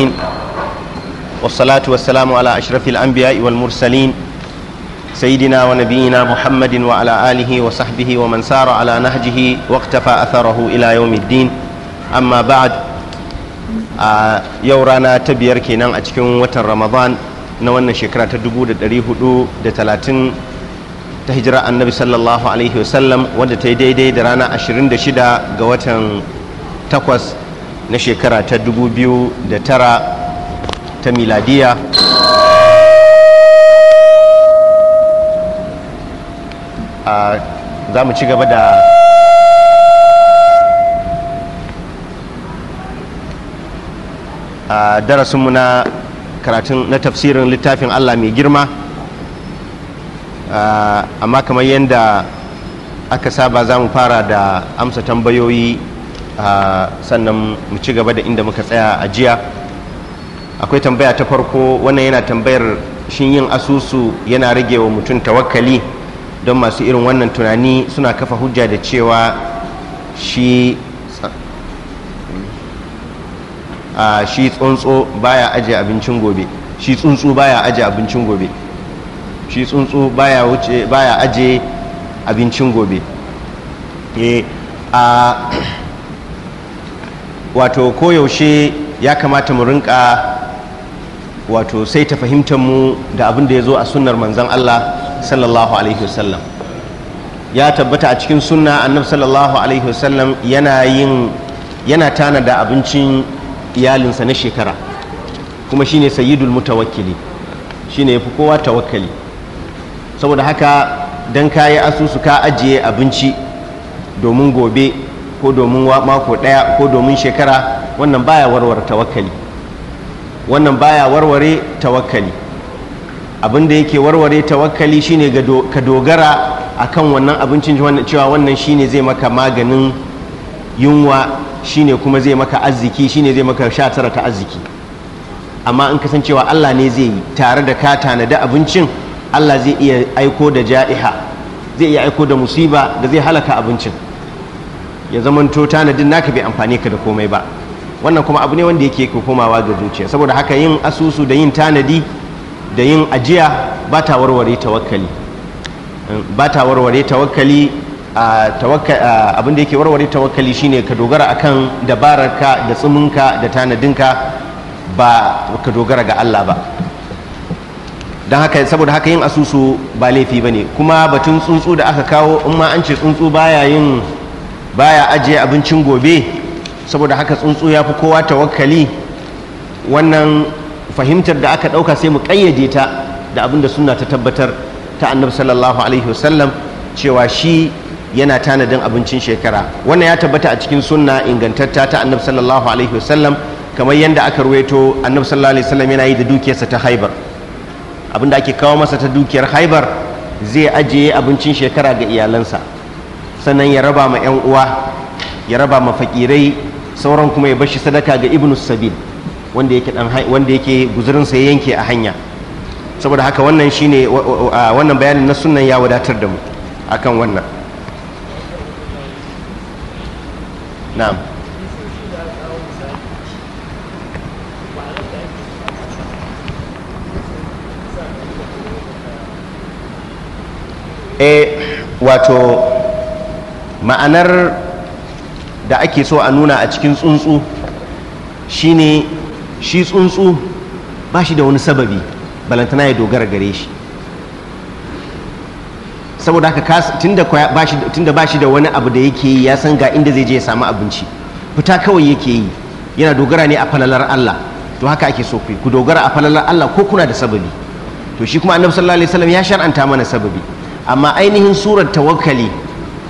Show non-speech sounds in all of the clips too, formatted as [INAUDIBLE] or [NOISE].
العالمين والصلاة والسلام على أشرف الأنبياء والمرسلين سيدنا ونبينا محمد وعلى آله وصحبه ومن سار على نهجه واقتفى أثره إلى يوم الدين أما بعد يورانا تبير كينان أتكون وتر رمضان نوانا شكرا تدبو دريه دو دتلاتين ta hijira annabi sallallahu alaihi wasallam wanda ta yi daidai da rana 26 ga watan 8 na shekara ta 2009 ta miladiya a za mu ci gaba da a darasinmu na karatun na tafsirin littafin allah mai girma amma kamar yadda aka saba za mu fara da amsa tambayoyi sannan mu ci gaba da inda muka tsaya a jiya akwai tambaya ta farko wannan yana tambayar shin yin asusu yana rage wa mutum tawakkali don masu irin wannan tunani suna kafa hujja da cewa shi shi tsuntsu baya aje abincin gobe shi tsuntsu baya aje abincin gobe shi tsuntsu baya wuce baya aje abincin gobe eh a wato koyaushe ya kamata mu rinka wato sai ta fahimtar mu da abin da ya zo a sunnar manzan Allah sallallahu alaihi wasallam ya tabbata a cikin sunna annab sallallahu alaihi wasallam yana yin yana tana da abincin iyalinsa na shekara kuma shine sayyidul mutawakkili shine yafi kowa tawakkali saboda haka dan kayi asusu ka ajiye abinci domin gobe ko domin mako ɗaya ko domin shekara wannan baya warware tawakkali wannan baya warware tawakkali abin da yake warware tawakkali shine ka dogara akan wannan abincin cewa wannan shine zai maka maganin yunwa shine kuma zai maka arziki shine zai maka sha tara ta arziki amma in kasancewa Allah ne zai yi tare da ka tanadi abincin Allah zai iya aiko da ja'iha zai iya aiko da musiba da zai halaka abincin ya zamanto tanadin naka bai amfani ka da komai ba wannan kuma abu ne wanda yake komawa ga zuciya saboda haka yin asusu da yin tanadi da yin ajiya ba ta warware tawakkali eh, ba ta warware tawakkali abin da yake warware tawakkali shine ka dogara akan dabararka da tsiminka da tanadinka ba ka dogara ga Allah ba don haka saboda haka yin asusu ba laifi ba ne kuma batun tsuntsu da aka kawo in ma an ce tsuntsu baya yin baya ajiye abincin gobe saboda haka tsuntsu ya fi kowa tawakkali wannan fahimtar da aka ɗauka sai mu ƙayyade ta da abin da suna ta tabbatar ta annabi sallallahu alaihi wasallam cewa shi yana tanadin abincin shekara wannan ya tabbata a cikin sunna ingantatta ta annabi sallallahu alaihi wasallam kamar yadda aka ruwaito annabi sallallahu alaihi wasallam yana yi da dukiyarsa ta haibar abinda ake kawo masa ta dukiyar haibar zai ajiye abincin shekara ga iyalansa sannan ya raba ma 'yan uwa ya raba ma fakirai sauran kuma ya bashi sadaka ga ibn sabil wanda yake guzurinsa wanda yanke a hanya saboda haka wannan shi ne wannan bayanin na sunan ya wadatar da mu akan wannan na'am eh, wato ma'anar da ake so a nuna a cikin tsuntsu shine shi tsuntsu ba shi da wani sababi balantana ya dogara gare shi saboda haka tunda ba shi da wani abu da yake yi ya san ga inda zai je ya samu abinci fita kawai yake yi yana dogara ne a falalar Allah to haka ake so ku dogara a falalar Allah ko kuna da sababi to shi kuma annabi sallallahu alaihi wasallam ya shar'anta mana sababi amma ainihin surar tawakkali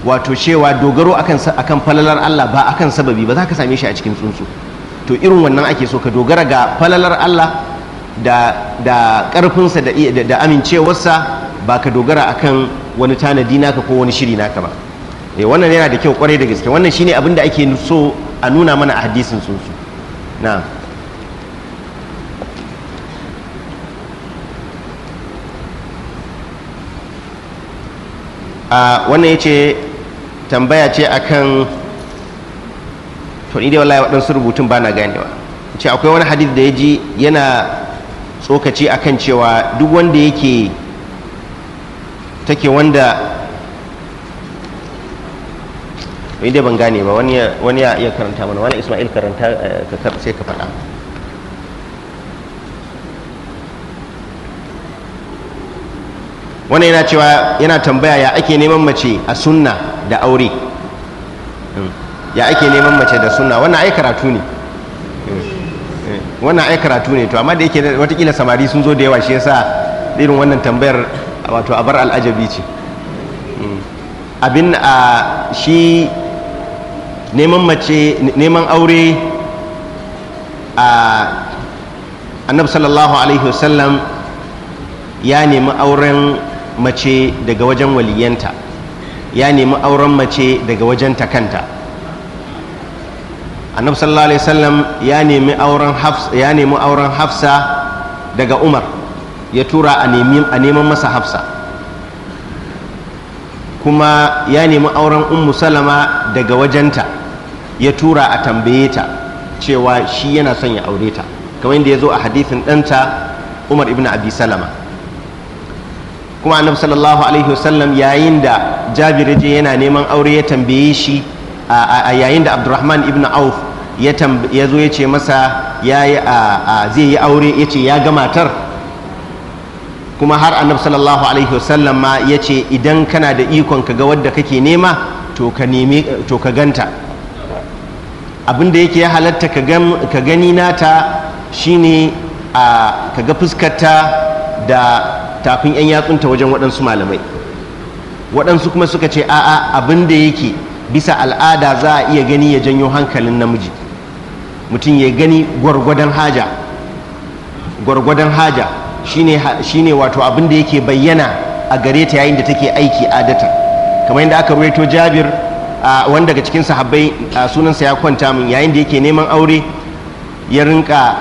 wato cewa dogaro akan falalar Allah ba akan sababi ba za ka same shi a cikin tsuntsu to irin wannan ake so ka dogara ga falalar Allah da ƙarfinsa da amincewarsa ba ka dogara akan wani tanadi naka ko wani shiri naka ba eh wannan yana da kyau kwarai da gaske wannan shine abin da ake so a nuna mana a hadisin tsuntsu na'am wannan ya ce tambaya ce akan to ni dai wallahi waɗansu rubutun ba na ganewa ce akwai wani hadith da ya ji yana tsokaci akan cewa duk wanda yake take wanda wani dai ban gane ba wani ya karanta mana wani ismail karanta eh, sai ka faɗa wani yana cewa yana tambaya ya ake neman mace a sunna da aure hmm. ya ake neman mace da sunna wannan ai karatu ne hmm. wannan ai karatu ne to amma da yake watakila samari sun zo da yawa shi yasa irin wannan tambayar wato a bar al'ajabi ce hmm. abin a shi neman mace neman aure a annabi sallallahu alaihi wasallam ya nemi auren mace daga wajen waliyanta ya nemi auren mace daga wajen takanta a annabi sallallahu alaihi wasallam ya nemi auren hafsa ya nemi auren hafsa daga umar ya tura a neman masa hafsa kuma ya nemi auren ummu salama daga wajenta ya tura a tambaye ta cewa shi yana son ya aure ta kamar yadda ya zo a hadithin ɗanta umar ibn abi salama kuma annabi sallallahu alaihi wasallam yayin da jabir je yana neman aure ya tambaye shi a yayin da abdurrahman ibn auf ya zo ya ce masa zai yi aure ya ce ya ga matar kuma har annabi sallallahu alaihi wasallam ma ya ce idan kana da ikon ka ga wadda kake nema to ka ganta abin da yake ya halatta ka gani nata shine ka ga fuskarta da tafin 'yan yatsunta wajen waɗansu malamai waɗansu kuma suka ce a'a abin da yake bisa al'ada za a iya gani ya janyo hankalin namiji mutum ya gani gwargwadon haja gwargwadon haja shi ne wato abin da yake bayyana a gare ta yayin da take aiki adata kamar yadda aka ruwaito jabir wanda daga cikin sahabbai sunansa ya kwanta min yayin da yake neman aure ya rinka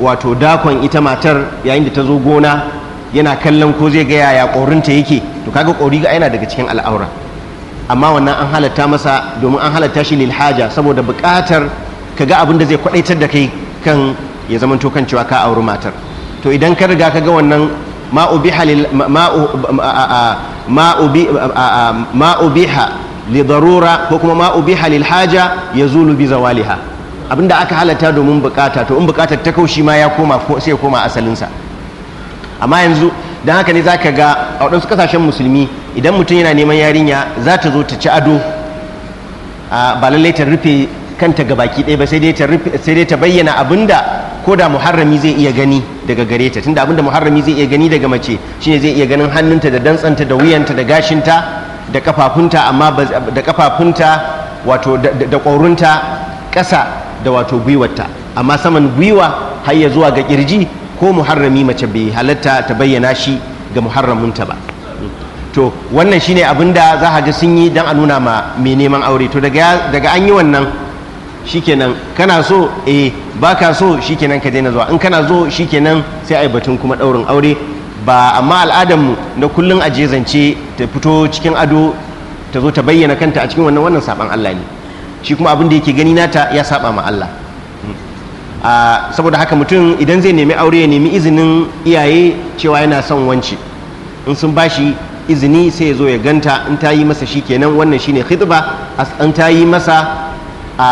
wato dakon ita matar yayin da ta zo gona yana kallon ko zai gaya ya ƙorinta yake to kaga ƙori ga yana daga cikin al'aura amma wannan an halatta masa domin an halatta shi lil haja saboda buƙatar kaga abin da zai kwadaitar da kai kan ya zamanto kan cewa ka auri matar to idan ka riga ka ga wannan ma ubiha lil ma ubiha li darura ko kuma ma ubiha lil haja yazulu bi zawaliha abinda aka halatta domin bukata to in bukatar ta kaushi ma ya koma sai ya koma asalinsa amma yanzu don haka ne za ka ga a waɗansu ƙasashen musulmi idan mutum yana neman yarinya za ta zo ta ci ado ba lallai ta rufe kanta ga baki ɗaya ba sai dai ta bayyana abinda da ko da muharrami zai iya gani daga gare ta tunda abin muharrami zai iya gani daga mace shine zai iya ganin hannunta da dantsanta da wuyanta da gashinta da kafafunta amma da kafafunta wato da ƙasa da wato gwiwarta amma saman gwiwa har ya zuwa ga kirji ko muharrami mace bai halatta ta bayyana shi ga muharraminta ba to wannan shine abin da za a ga sun yi don a nuna ma mai neman aure to daga an yi wannan shikenan kana so eh ba ka so shikenan ka daina zuwa in kana zo shikenan sai a yi batun kuma daurin aure ba amma al'adarmu na kullum a zance ta fito cikin ado ta zo ta bayyana kanta a cikin wannan wannan saban Allah ne shi kuma abin da yake gani nata ya saba ma Allah saboda haka mutum idan zai nemi aure ya nemi izinin iyaye cewa yana son wanci in sun ba shi izini sai ya zo ya ganta in ta yi masa shi kenan wannan shine khidba in ta yi masa a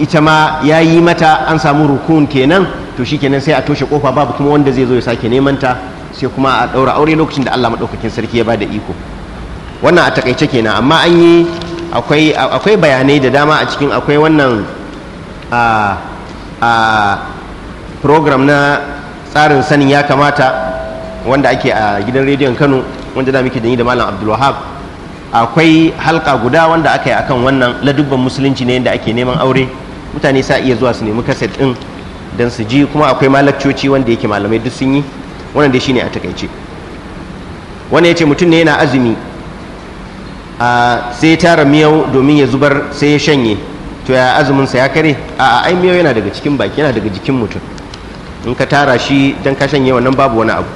ita ma ya yi mata an samu rukun kenan to shi kenan sai a toshe kofa babu kuma wanda zai zo ya sake neman ta sai kuma a ɗaura aure lokacin da Allah maɗaukakin sarki ya bada iko wannan a takaice kenan amma an yi akwai bayanai da dama a cikin akwai wannan a a program na tsarin sanin ya kamata wanda ake a gidan rediyon kano wanda da muke da ni da malam abdulwahab akwai halka guda wanda aka yi akan wannan ladubban musulunci ne yadda ake neman aure mutane sa iya zuwa su nemi kaset ɗin don su ji kuma akwai malakcoci wanda yake malamai duk sun yi wannan dai shine a takaice wannan ya ce mutum ne yana azumi a sai tara miyau domin ya zubar sai ya shanye to ya azumin sa ya kare a ai miyo yana daga cikin baki yana daga jikin mutum in ka tara shi dan ka shanye wannan babu wani abu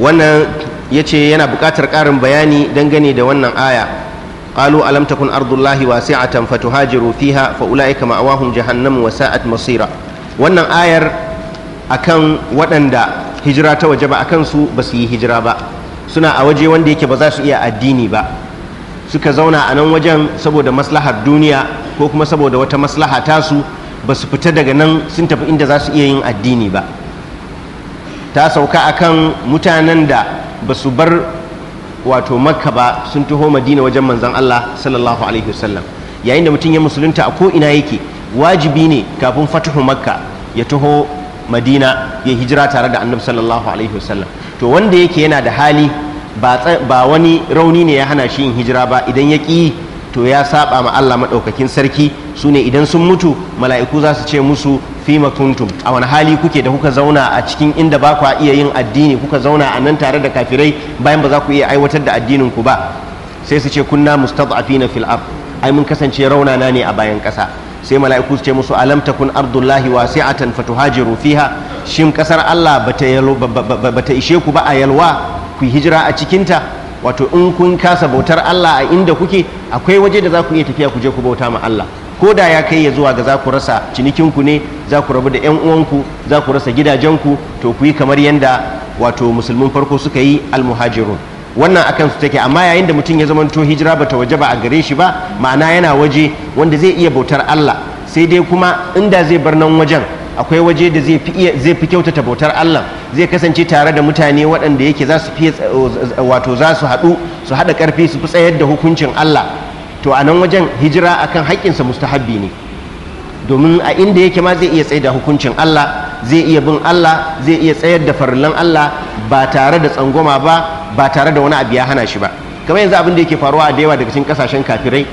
wannan yace yana buƙatar ƙarin bayani dangane da wannan aya قالوا ألم تكن أرض الله واسعة فتهاجروا فيها ma'awahum jahannam wa sa'at Masira. wannan ayar akan waɗanda hijira ta waje ba akan su ba su yi hijira ba suna a waje wanda yake ba za su iya addini ba suka zauna a nan wajen saboda maslahar duniya ko kuma saboda wata maslaha tasu ba su fita daga nan sun tafi inda za su iya yin addini ba ta sauka akan mutanen da ba su bar wato makka ba sun taho madina wajen manzan allah sallallahu alaihi wasallam yayin da mutum ya musulunta a ko'ina ina yake wajibi ne kafin fatihu makka ya taho madina ya hijira tare da annabi sallallahu alaihi wasallam to wanda yake yana da hali ba wani rauni ne ya hana shi yin hijira ba idan ya ƙi to ya saba ma Allah maɗaukakin sarki su ne idan sun mutu mala'iku za su ce musu fi makuntum a wani hali kuke da kuka zauna a cikin inda ba kwa iya yin addini kuka zauna a nan tare da kafirai bayan ba za ku iya aiwatar da addinin ku ba sai su ce kunna mustad'afina fil ard ai mun kasance raunana ne a bayan ƙasa sai mala'iku su ce musu alam takun ardullahi wasi'atan fatuhajiru fiha shin kasar Allah bata ishe ku ba a yalwa ku hijira a cikinta wato in kun kasa bautar Allah a inda kuke akwai waje da za ku iya tafiya ku je ku bauta ma Allah ko da ya kai ya zuwa ga za ku rasa cinikinku ne za ku rabu da 'yan uwanku za ku rasa gidajenku to ku yi kamar yadda wato musulmin farko suka yi almuhajirun wannan akan su take amma yayin da mutum ya zamanto hijira bata waje ba a gare shi ba ma'ana yana waje wanda zai iya bautar Allah sai dai kuma inda zai bar nan wajen akwai waje da zai fi kyautata bautar Allah zai kasance tare da mutane waɗanda yake za su fi wato za su haɗu su haɗa ƙarfi su fi tsayar da hukuncin Allah to a nan wajen hijira akan haƙƙinsa mustahabbi ne domin a inda yake ma zai iya tsayar da hukuncin Allah zai iya bin Allah zai iya tsayar da farillan Allah ba tare da tsangwama ba ba tare da wani abu ya hana shi ba kamar yanzu abin da yake faruwa a da yawa daga cikin kasashen kafirai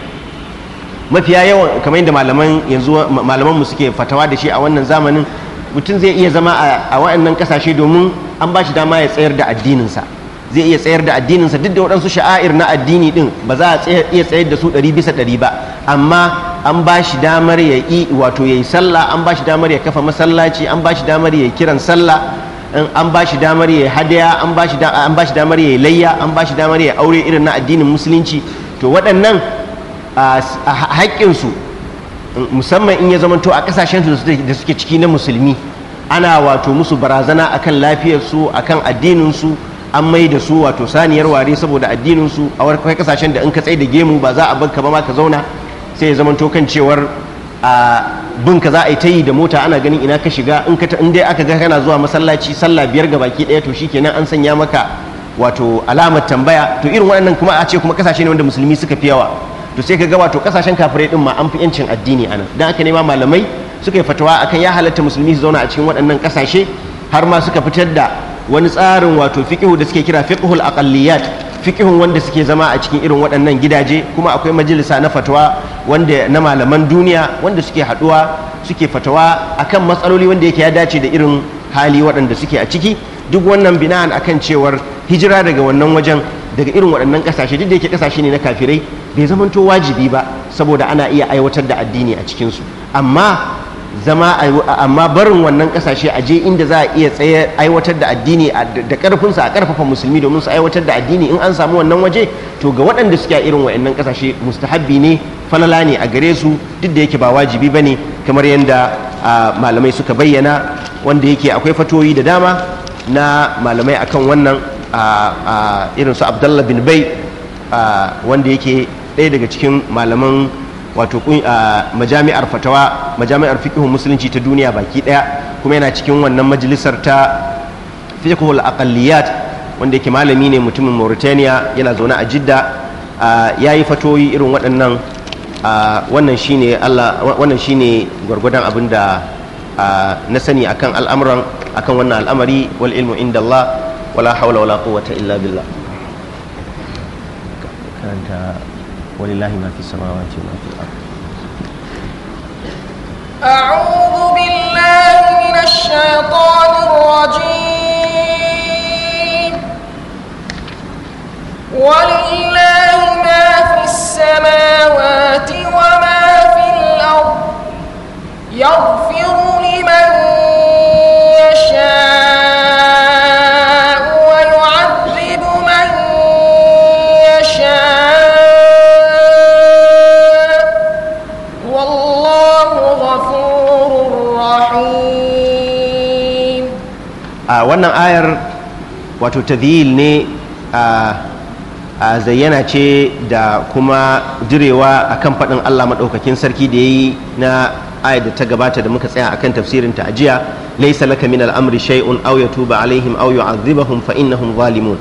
mafiya yawan kamar yadda malaman yanzu malaman mu suke fatawa da shi a wannan zamanin mutum zai iya zama a wa'annan kasashe domin an ba shi dama ya tsayar da addininsa zai iya tsayar da addininsa duk da waɗansu sha'air na addini din ba za a iya tsayar da su ɗari bisa ɗari ba amma an ba shi damar ya yi wato ya yi sallah an ba shi damar ya kafa masallaci an ba shi damar ya yi kiran sallah an ba shi damar ya yi hadaya an ba shi damar ya yi layya an ba shi damar ya yi aure irin na addinin musulunci to waɗannan A haƙƙinsu musamman in ya zamanto a ƙasashensu da suke ciki na musulmi ana wato musu barazana a kan lafiyarsu a kan addininsu an mai da su wato saniyar ware saboda addininsu a wani kasashen da in ka tsaye da gemu ba za a banka ba ma ka zauna sai ya zamanto kan cewar a bin ka za a yi ta yi da mota ana ganin ina ka shiga in dai aka ga kana zuwa masallaci sallah biyar ga baki ɗaya to shikenan an sanya maka wato alamar tambaya to irin waɗannan kuma a ce kuma kasashe ne wanda musulmi suka fi yawa to sai ka ga wato kasashen kafirai din ma an fi yancin addini anan dan aka nema malamai suka yi fatawa akan ya halatta musulmi su zauna a cikin waɗannan kasashe har ma suka fitar da wani tsarin wato fiqihu da suke kira fiqhul aqalliyat fikihun wanda suke zama a cikin irin waɗannan gidaje kuma akwai majalisa na fatawa wanda na malaman duniya wanda suke haɗuwa suke fatawa akan matsaloli wanda yake ya dace da irin hali waɗanda suke a ciki duk wannan bina'an akan cewar hijira daga wannan wajen daga irin waɗannan ƙasashe duk da yake ƙasashe ne na kafirai bai zamanto wajibi ba saboda ana iya aiwatar da addini a cikinsu amma zama amma barin wannan ƙasashe a je inda za a iya tsaye aiwatar da addini da ƙarfinsa a ƙarfafa musulmi domin su aiwatar da addini in an samu wannan waje to ga waɗanda suke a irin waɗannan ƙasashe mustahabbi ne falala ne a gare su duk da yake ba wajibi ba ne kamar yadda malamai suka bayyana wanda yake akwai fatoyi da dama na malamai akan wannan irin su abdullah bin bai wanda yake ɗaya daga cikin malaman wato majami'ar fatawa majami'ar fikihun musulunci ta duniya baki ɗaya kuma yana cikin wannan majalisar ta fiqhul aqalliyat wanda yake malami ne mutumin mauritaniya yana zaune a Jidda ya yi fatoyi irin waɗannan wannan shine Allah gwargwadon abin da na sani akan al'amuran akan wannan al'amari wal ilmu inda Allah ولا حول ولا قوة إلا بالله كانت ولله ما في السماوات وما في الأرض أعوذ بالله من الشيطان الرجيم ولله ما في السماوات وما في الأرض يغفر لمن يشاء wannan ayar wato tadhil ne a zayyana ce da kuma direwa akan faɗin Allah maɗaukakin sarki da ya yi na ayar da ta gabata da muka tsaya akan tafsirin ta ajiya laisa laka min al'amri shay'un aw yatuba alaihim aw yu'adhibahum fa innahum zalimun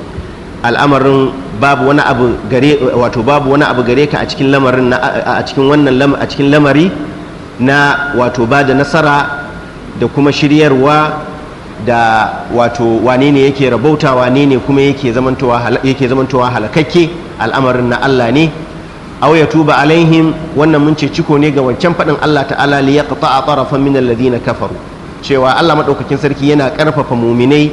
al'amarin babu wani abu gare wato babu wani abu gare ka a cikin lamarin a cikin lamari na wato ba da nasara da kuma shiryarwa da wato wane ne yake rabauta wane ne kuma yake zamantowa halakakke al'amarin na Allah ne aw tuba alaihim wannan mun ce ciko ne ga wancan faɗin Allah ta'ala li yaqta'a tarafan min alladhina kafaru cewa Allah madaukakin sarki yana karfafa muminai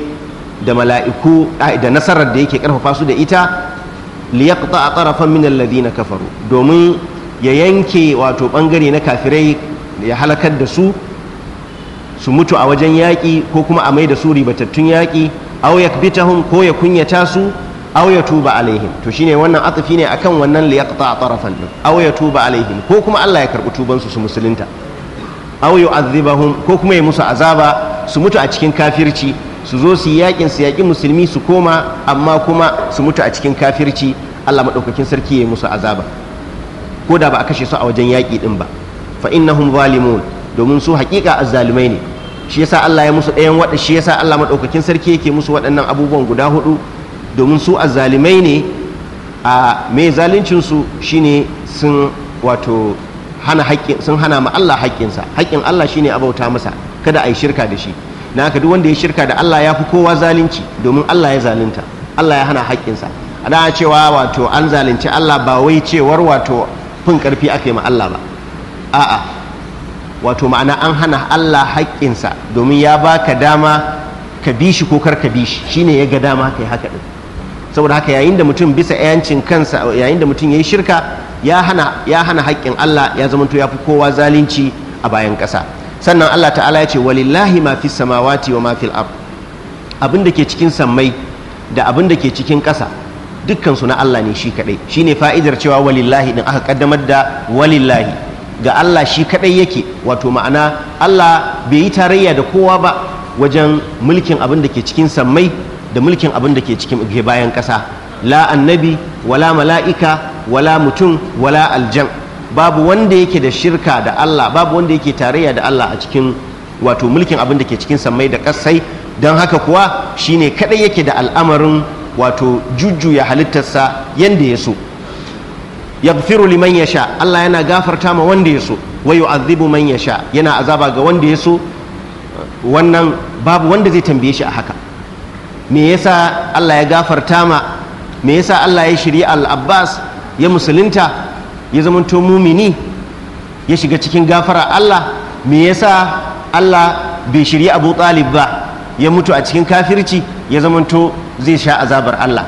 da mala'iku da nasarar da yake karfafa su da ita li yaqta'a tarafan min alladhina kafaru domin ya yanke wato ɓangare na kafirai ya halakar da su su mutu a wajen yaƙi ko kuma a mai da su ribatattun yaƙi aw yakbitahum ko ya kunyata su aw ya tuba alaihim to shine wannan atsafi ne akan wannan li yaqta tarafan din aw ya tuba alaihim ko kuma Allah ya karɓi tubansu su musulunta aw yu'adhibahum ko kuma ya musu azaba su mutu a cikin kafirci su zo su yaƙin su yaƙi musulmi su koma amma kuma su mutu a cikin kafirci Allah maɗaukakin sarki ya musu azaba ko da ba a kashe su a wajen yaƙi din ba fa innahum zalimun domin su hakika azzalumai ne shi yasa Allah ya musu ɗayan wada shi yasa Allah madaukakin sarki yake musu waɗannan abubuwan guda hudu domin su azzalumai ne a mai zaluncin su shine sun wato hana haƙƙin sun hana ma Allah haƙƙinsa haƙƙin Allah shine a bauta masa kada a yi shirka da shi na haka duk wanda ya shirka da Allah ya fi kowa zalunci domin Allah ya zalunta Allah ya hana haƙƙinsa a da cewa wato an zalunci Allah ba wai cewar wato fin karfi aka yi ma Allah ba a'a wato ma'ana an hana Allah haƙƙinsa domin ya baka dama ka bi shi ko kar ka bi shi shine ya ga dama kai haka din saboda haka yayin da mutum bisa yancin kansa yayin da mutum ya yi shirka ya hana ya haƙƙin Allah ya zama to yafi kowa zalunci a bayan ƙasa sannan Allah ta'ala ya ce walillahi ma fis samawati wa ma fil ard abin da ke cikin sammai da abin da ke cikin ƙasa dukkan su na Allah ne shi kadai shine fa'idar cewa walillahi din aka kaddamar da walillahi ga Allah shi kaɗai yake wato ma'ana Allah bai yi tarayya da kowa ba wajen mulkin abin da ke cikin sammai da mulkin abin da ke cikin ke bayan ƙasa la annabi wala mala'ika wala mutum wala aljan babu wanda yake da shirka da Allah babu wanda yake tarayya da Allah a cikin wato mulkin abin da ke cikin sammai da ƙasai don haka kuwa shine kaɗai yake da al'amarin wato jujjuya halittarsa yanda ya so yaghfiru liman yasha Allah yana gafarta ma wanda ya so wa yu'adhibu man yasha yana azaba ga wanda ya so wannan babu wanda zai tambaye shi a haka me yasa Allah ya gafarta ma me yasa Allah ya shiri al-Abbas ya musulunta ya to mumini ya shiga cikin gafara Allah me yasa Allah bai shiri Abu Talib ba ya mutu a cikin kafirci ya to zai sha azabar Allah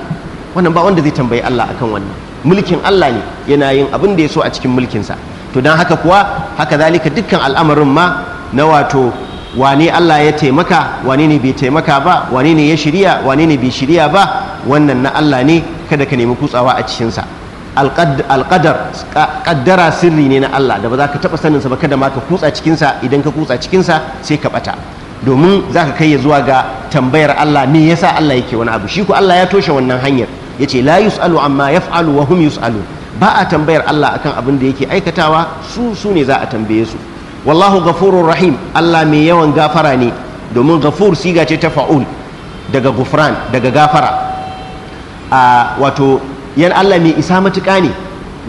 wannan ba wanda zai tambayi Allah akan wannan mulkin Allah ne yana yin abin da ya so a cikin mulkinsa to don haka kuwa haka zalika dukkan al'amarin ma na wato wane Allah ya taimaka wane ne bai taimaka ba wane ne ya shirya wane ne bai shirya ba wannan na Allah ne kada ka nemi kutsawa a cikinsa alƙadar ƙaddara sirri ne na Allah da ba za ka taɓa saninsa ba kada ma ka kutsa cikinsa idan ka kutsa cikinsa sai ka ɓata domin za ka kai ya zuwa ga tambayar Allah me yasa Allah yake wani abu shi ko Allah ya toshe wannan hanyar Ya ce la yusalu amma ya fa’alu wa hum yusalu ba a tambayar Allah akan abin da yake aikatawa su su ne za a tambaye su wallahu gafurun rahim Allah mai yawan gafara ne domin gafur siga ce ta fa'ul daga gufran daga gafara a wato yan Allah mai isa matuka ne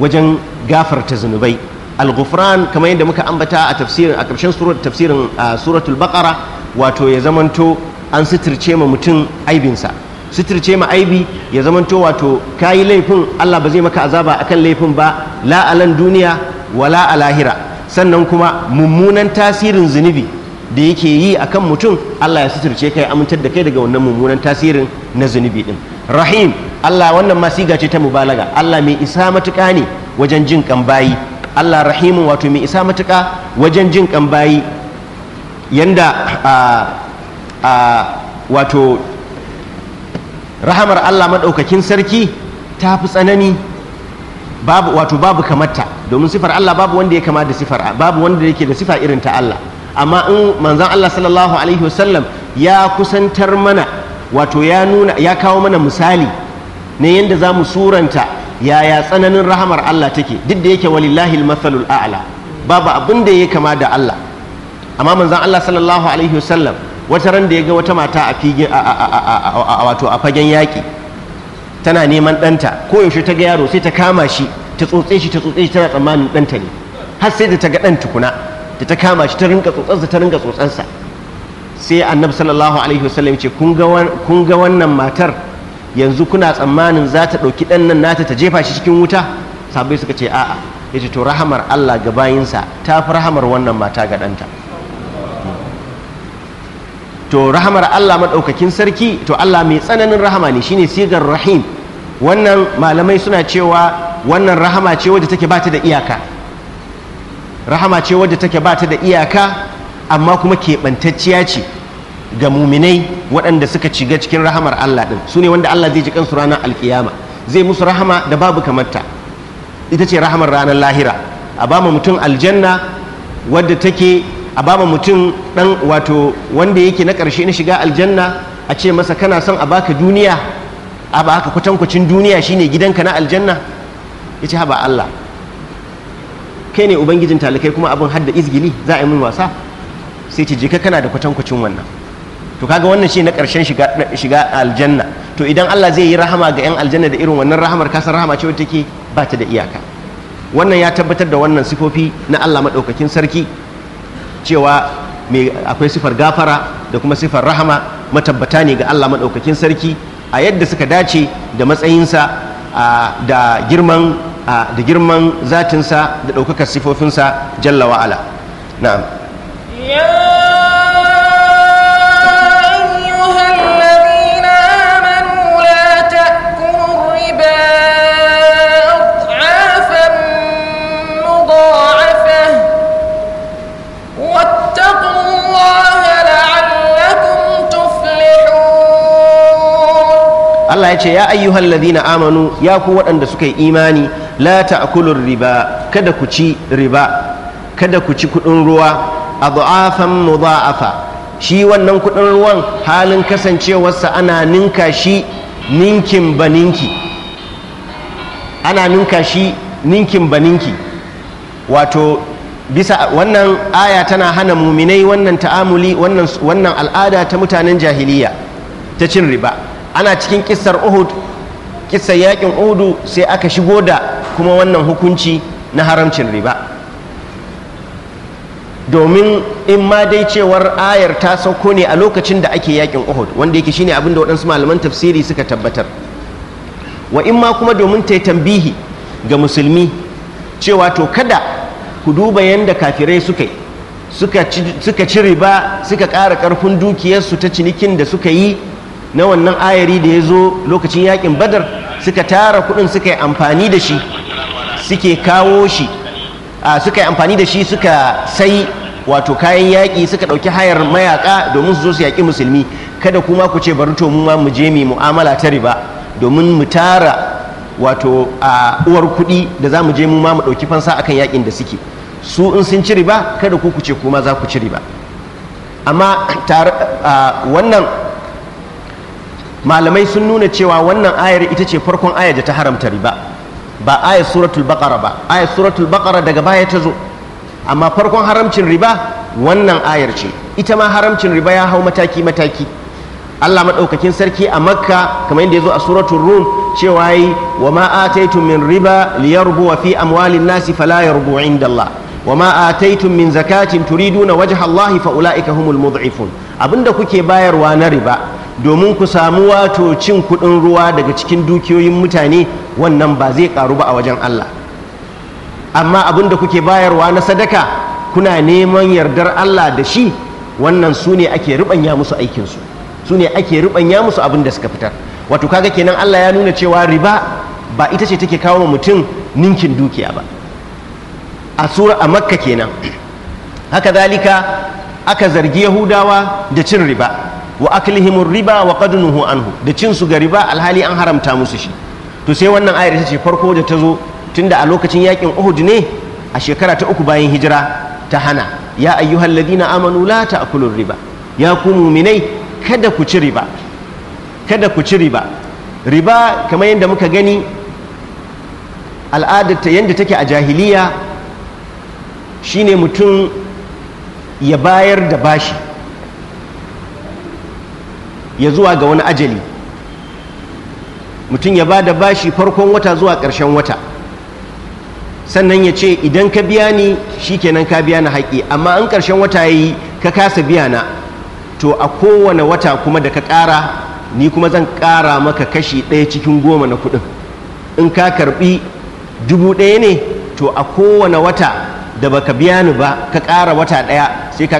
wajen gafarta zunubai al gufran kamar yadda muka ambata a tafsirin a ƙarshen tafsirin suratul baqara wato ya zamanto an suturce ma mutum aibinsa suturce ma aibi ya zamanto wato kayi laifin Allah ba zai maka azaba akan laifin ba la duniya wala a lahira sannan kuma mummunan tasirin zunubi da yake yi akan mutum Allah ya suturce kai amintar da kai daga wannan mummunan tasirin na zunubi din rahim Allah wannan masiga ce ta mubalaga Allah mai isa matuƙa ne wajen jin kambayi Allah rahimun wato mai isa matuka wajen jin kambayi yanda a wato rahamar Allah maɗaukakin sarki ta fi tsanani babu wato babu kamata. domin sifar Allah babu wanda ya kama da sifar babu wanda yake da sifa irin ta Allah amma in manzon Allah sallallahu alaihi wasallam ya kusantar mana wato ya nuna ya kawo mana misali ne yanda za mu suranta yaya tsananin rahamar Allah take duk da yake walillahi al-mathalul a'la babu abin da ya kama da Allah amma manzon Allah sallallahu alaihi wasallam wata ran da ya ga wata mata a fige wato a fagen yaƙi tana neman ɗanta koyaushe ta ga yaro sai ta kama shi ta tsotse shi ta tsotse shi tana tsammanin ɗanta ne har sai da ta ga ɗan tukuna da ta kama shi ta rinka tsotsansa ta rinka tsotsansa sai annabi sallallahu alaihi wasallam ce kun ga wannan matar yanzu kuna tsammanin za ta ɗauki ɗan nan nata ta jefa shi cikin wuta sabai suka ce a'a ya ce to rahamar allah ga bayinsa ta fi rahamar wannan mata ga ɗanta to rahamar Allah maɗaukakin sarki to Allah mai tsananin rahama ne shine sigar rahim wannan malamai suna cewa wannan rahama ce wadda take bata da iyaka rahama ce wadda take bata da iyaka amma kuma keɓantacciya ce ga muminai waɗanda suka ciga cikin rahamar Allah ɗin su ne wanda Allah zai ji kansu ranar alkiyama zai musu rahama da babu kamarta ita ce rahamar ranar lahira a ba mutum aljanna wadda take a ba mutum dan wato wanda yake na ƙarshe na shiga aljanna a ce masa kana son a baka duniya a ba haka kwatankwacin duniya shine gidanka na aljanna ya ce haba Allah kai ne ubangijin talakai kuma abin hadda izgili za a yi min wasa sai ce jika kana da kwatankwacin wannan to kaga wannan shi na ƙarshen shiga aljanna to idan Allah zai yi rahama ga 'yan aljanna da irin wannan rahamar kasar rahama ce wata ke ba ta da iyaka wannan ya tabbatar da wannan sifofi na Allah maɗaukakin sarki cewa akwai sifar gafara da kuma sifar rahama matabbata ne ga Allah maɗaukakin sarki a yadda suka dace da matsayinsa da girman da girman zatinsa da ɗaukakar sifofinsa jalla wa'ala na'am Allah ya ce ya ayyuhal ladina amanu ya ku waɗanda suka yi imani la ta'kulur riba kada ku ci riba kada ku ci kuɗin ruwa a adhafan mudha'afa shi wannan kuɗin ruwan halin kasancewarsa ana ninka shi ninkin baninki ana ninka shi ninkin baninki wato bisa wannan aya tana hana muminai wannan ta'amuli wannan al'ada ta mutanen jahiliya ta cin riba ana cikin kissar uhud kissar yakin uhudu sai aka shigo da kuma wannan hukunci na haramcin riba domin in ma dai cewar ayar ta sauko ne a lokacin da ake yakin uhud wanda yake shine abin da waɗansu malaman tafsiri suka tabbatar wa in ma kuma domin ta tambihi ga musulmi cewa to kada ku duba yadda kafirai suka yi suka ci riba suka ƙara ƙarfin dukiyarsu ta cinikin da suka yi na wannan ayari da ya zo lokacin yakin badar suka tara kudin suka yi amfani da shi suke kawo shi suka yi amfani da shi suka sai wato kayan yaƙi suka ɗauki hayar mayaƙa domin su zo su yaƙi musulmi kada kuma ku ce bari to mu ma mu je mu mu'amala ta riba domin mu tara wato a uwar kuɗi da za mu je mu ma mu ɗauki fansa akan yaƙin da suke su in sun ci riba kada ku ku ce kuma za ku ci riba amma wannan malamai sun nuna cewa wannan ayar ita ce farkon ayar da ta haramta riba ba ayar suratul baqara ba ayar suratul baqara daga baya ta zo amma farkon haramcin riba wannan ayar ce ita ma haramcin riba ya hau mataki mataki Allah maɗaukakin sarki a makka kamar yadda ya zo a suratul rum cewa yi wa ma ataitum min riba liyarbu wa fi amwalin nasi fala yarbu inda Allah wa ma ataitum min zakatin turiduna wajha Allah fa ulaika humul mud'ifun abinda kuke bayarwa na riba domin ku samu wato cin kuɗin ruwa daga cikin dukiyoyin mutane wannan ba zai ƙaru ba a wajen Allah amma abin da kuke bayarwa na sadaka kuna neman yardar Allah da shi wannan su ne ake rubanya musu aikinsu su ne ake rubanya musu abin da suka fitar wato kaga kenan Allah ya nuna cewa riba ba ita ce take kawo mutum ninkin dukiya ba a sura a makka kenan haka zalika aka zargi yahudawa da cin riba wa aklihimur riba wa qad anhu da cin su ga riba alhali an haramta musu shi to sai wannan ayar ta ce farko da ta zo tunda a lokacin yakin Uhud ne a shekara ta uku bayan hijira ta hana ya ayyuhal ladina amanu la ta'kulur riba ya ku mu'minai kada ku ci riba kada ku ci riba riba kamar yadda muka gani al'adarta yadda take a jahiliya shine mutum ya bayar da bashi ya zuwa ga wani ajali mutum ya ba da bashi farkon wata zuwa ƙarshen wata sannan ya ce idan ka biya ni shi kenan ka biya na haƙi amma an ƙarshen wata ya yi ka kasa biya na to a kowane wata kuma da ka ƙara ni kuma zan ƙara maka kashi ɗaya cikin goma na kuɗin in ka karɓi dubu ɗaya ne to a kowane wata da baka biya ni ba ka ƙara wata ɗaya sai ka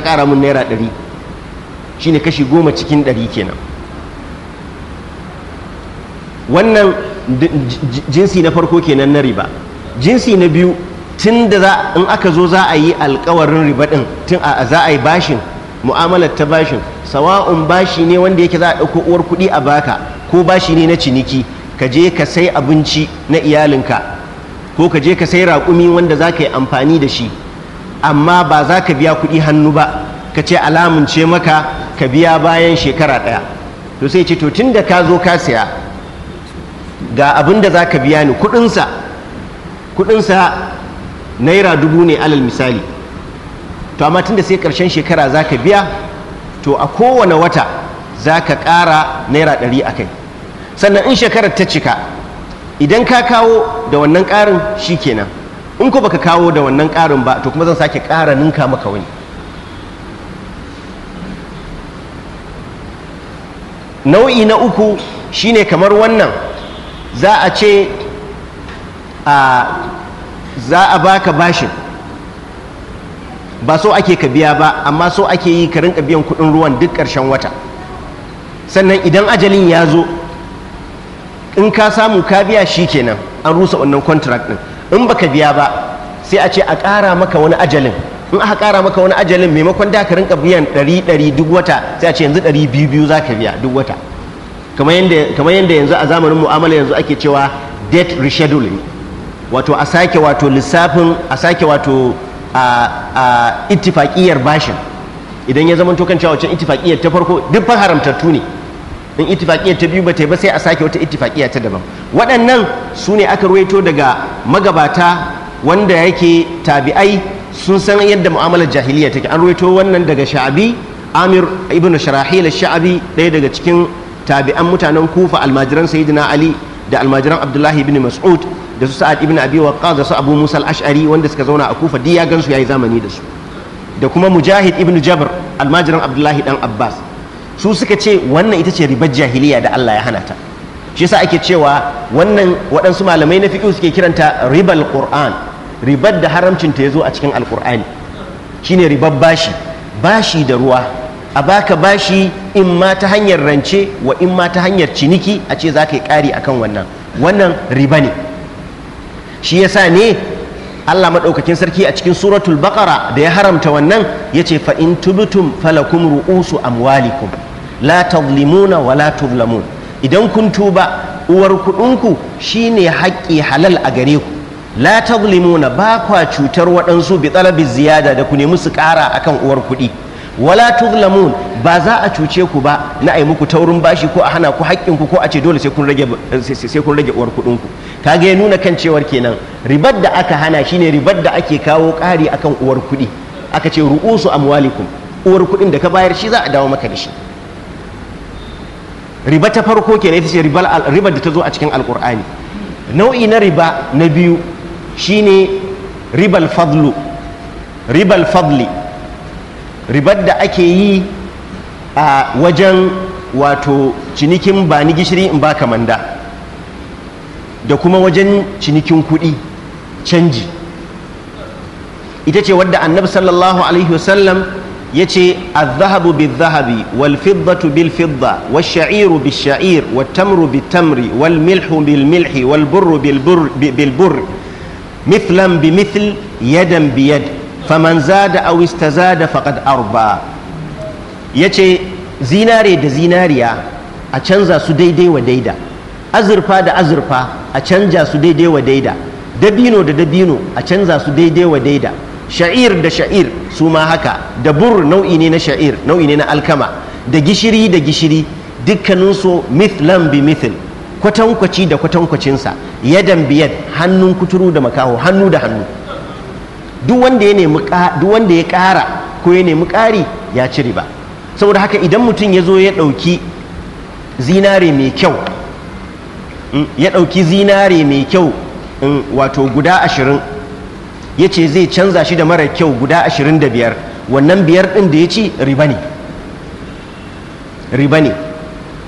ƙara mun naira ɗari Shi ne kashi goma cikin ɗari kenan wannan jinsi na farko kenan na riba jinsi na biyu tun da in aka zo za a yi alkawarin riba ɗin tun a za a yi bashin mu'amalar ta bashin sawa'un bashi ne wanda yake za a ɗauko uwar kuɗi a baka ko bashi ne na ciniki ka je ka sai abinci na iyalinka ko ka je ka sai raƙumi wanda za ka yi amfani da shi amma ba za ka biya kuɗi hannu ba ka ce alamunce maka ka biya bayan shekara ɗaya to sai ce to tun da ka zo ka siya ga abin da za ka biya ni kuɗinsa kuɗinsa naira dubu ne alal misali to amma tun da sai ƙarshen shekara za ka biya to a kowane wata za ka ƙara naira ɗari a kai sannan in shekarar ta cika idan ka kawo da wannan ƙarin shi kenan in ko baka kawo da wannan ƙarin ba to kuma zan sake ƙara ninka maka wani nau'i na uku shine kamar wannan za a ce za a baka bashin ba so ake ka biya ba amma so ake yi ka rinka biyan kudin ruwan duk ƙarshen wata sannan idan ajalin ya zo in ka samu ka biya shi kenan an rusa wannan contract ɗin, in baka biya ba sai a ce a ƙara maka wani ajalin in aka kara maka wani ajalin maimakon da ka rinka biyan ɗari ɗari duk wata sai a ce yanzu ɗari biyu biyu za ka biya duk wata kamar yadda yanzu a zamanin mu'amala yanzu ake cewa debt rescheduling wato a sake wato lissafin a sake wato a ittifaqiyar bashin idan ya zamanto kan cewa wacce ittifaqiyar ta farko duk fa haramtattu ne in ittifaqiyar ta biyu ba ta ba sai a sake wata ittifaqiya ta daban waɗannan su ne aka ruwaito daga magabata wanda yake tabi'ai sun san yadda mu'amalar jahiliya take an ruwaito wannan daga sha'abi amir ibn sharahil sha'abi ɗaya daga cikin tabi'an mutanen kufa almajiran sayyidina ali da almajiran abdullahi ibn mas'ud da su sa'ad ibn abi waqqas da su abu musa al-ash'ari wanda suka zauna a kufa diya gansu yayi zamani da su da kuma mujahid ibn jabr almajiran abdullahi dan abbas su suka ce wannan ita ce ribar jahiliya da Allah ya hana ta shi yasa ake cewa wannan waɗansu malamai na fiqh suke kiranta ribal qur'an ribar da haramcin ta ya zo a cikin alkur'ani shine ribar bashi bashi da ruwa a baka bashi in ma ta hanyar rance wa in ma ta hanyar ciniki a ce za ka yi ƙari a kan wannan wannan riba ne shi ya sa ne allah maɗaukakin sarki a cikin suratul bakara da ya haramta wannan ya ce fa'in tubutum falakum ru'usu amwalikum la tazlimuna wa la tuzlamun idan kun tuba uwar kuɗinku shi ne haƙƙi halal a gare ku la tazlimuna ba kwa cutar waɗansu bi talabi ziyada da ku nemi su ƙara akan uwar kuɗi wala tuzlamun ba za a cuce ku ba na ai muku taurin bashi ko a hana ku haƙƙin ku ko a ce dole sai kun rage uwar kuɗin ku kaga ya nuna kan cewar kenan ribar da aka hana shine ribar da ake kawo ƙari akan uwar kuɗi aka ce ru'usu amwalikum uwar kuɗin da ka bayar shi za a dawo maka da shi riba ta farko kenan ita ce ribar da ta zo a cikin alkur'ani nau'i na riba na biyu shine ribal fadlu ribal fadli ribar da ake yi a wajen wato cinikin ba ni gishiri in baka manda da kuma wajen cinikin kuɗi canji ita ce wadda annabi sallallahu alaihi wasallam ya ce al-zahabu bil-zahabi wal-fiddatu bil-fidda wal-sha'iru bil-sha'ir wal-tamru bil-tamri wal-milhu bil-milhi wal-burru bil-burri mithlan bi mithl yadan bi yad faman zada aw istazada faqad arba yace zinare da zinariya a canza su daidai wa daida azurfa da azurfa a canza su daidai wa daida dabino da dabino a canza su daidai wa daida sha'ir da sha'ir su ma haka da bur nau'i ne na sha'ir nau'i ne na alkama da gishiri da gishiri su mithlan bi mithl kwatankwaci da kwatankwacinsa yadan biyan hannun kuturu da makaho hannu da hannu duk wanda ya nemi duk wanda ya ƙara ko ya nemi ƙari ya ci riba saboda haka idan mutum ya zo ya ɗauki zinare mai kyau mm, ya ɗauki zinare mai kyau mm, wato guda ashirin ya ce zai canza shi da mara kyau guda ashirin da biyar wannan biyar ɗin da ya ci riba ne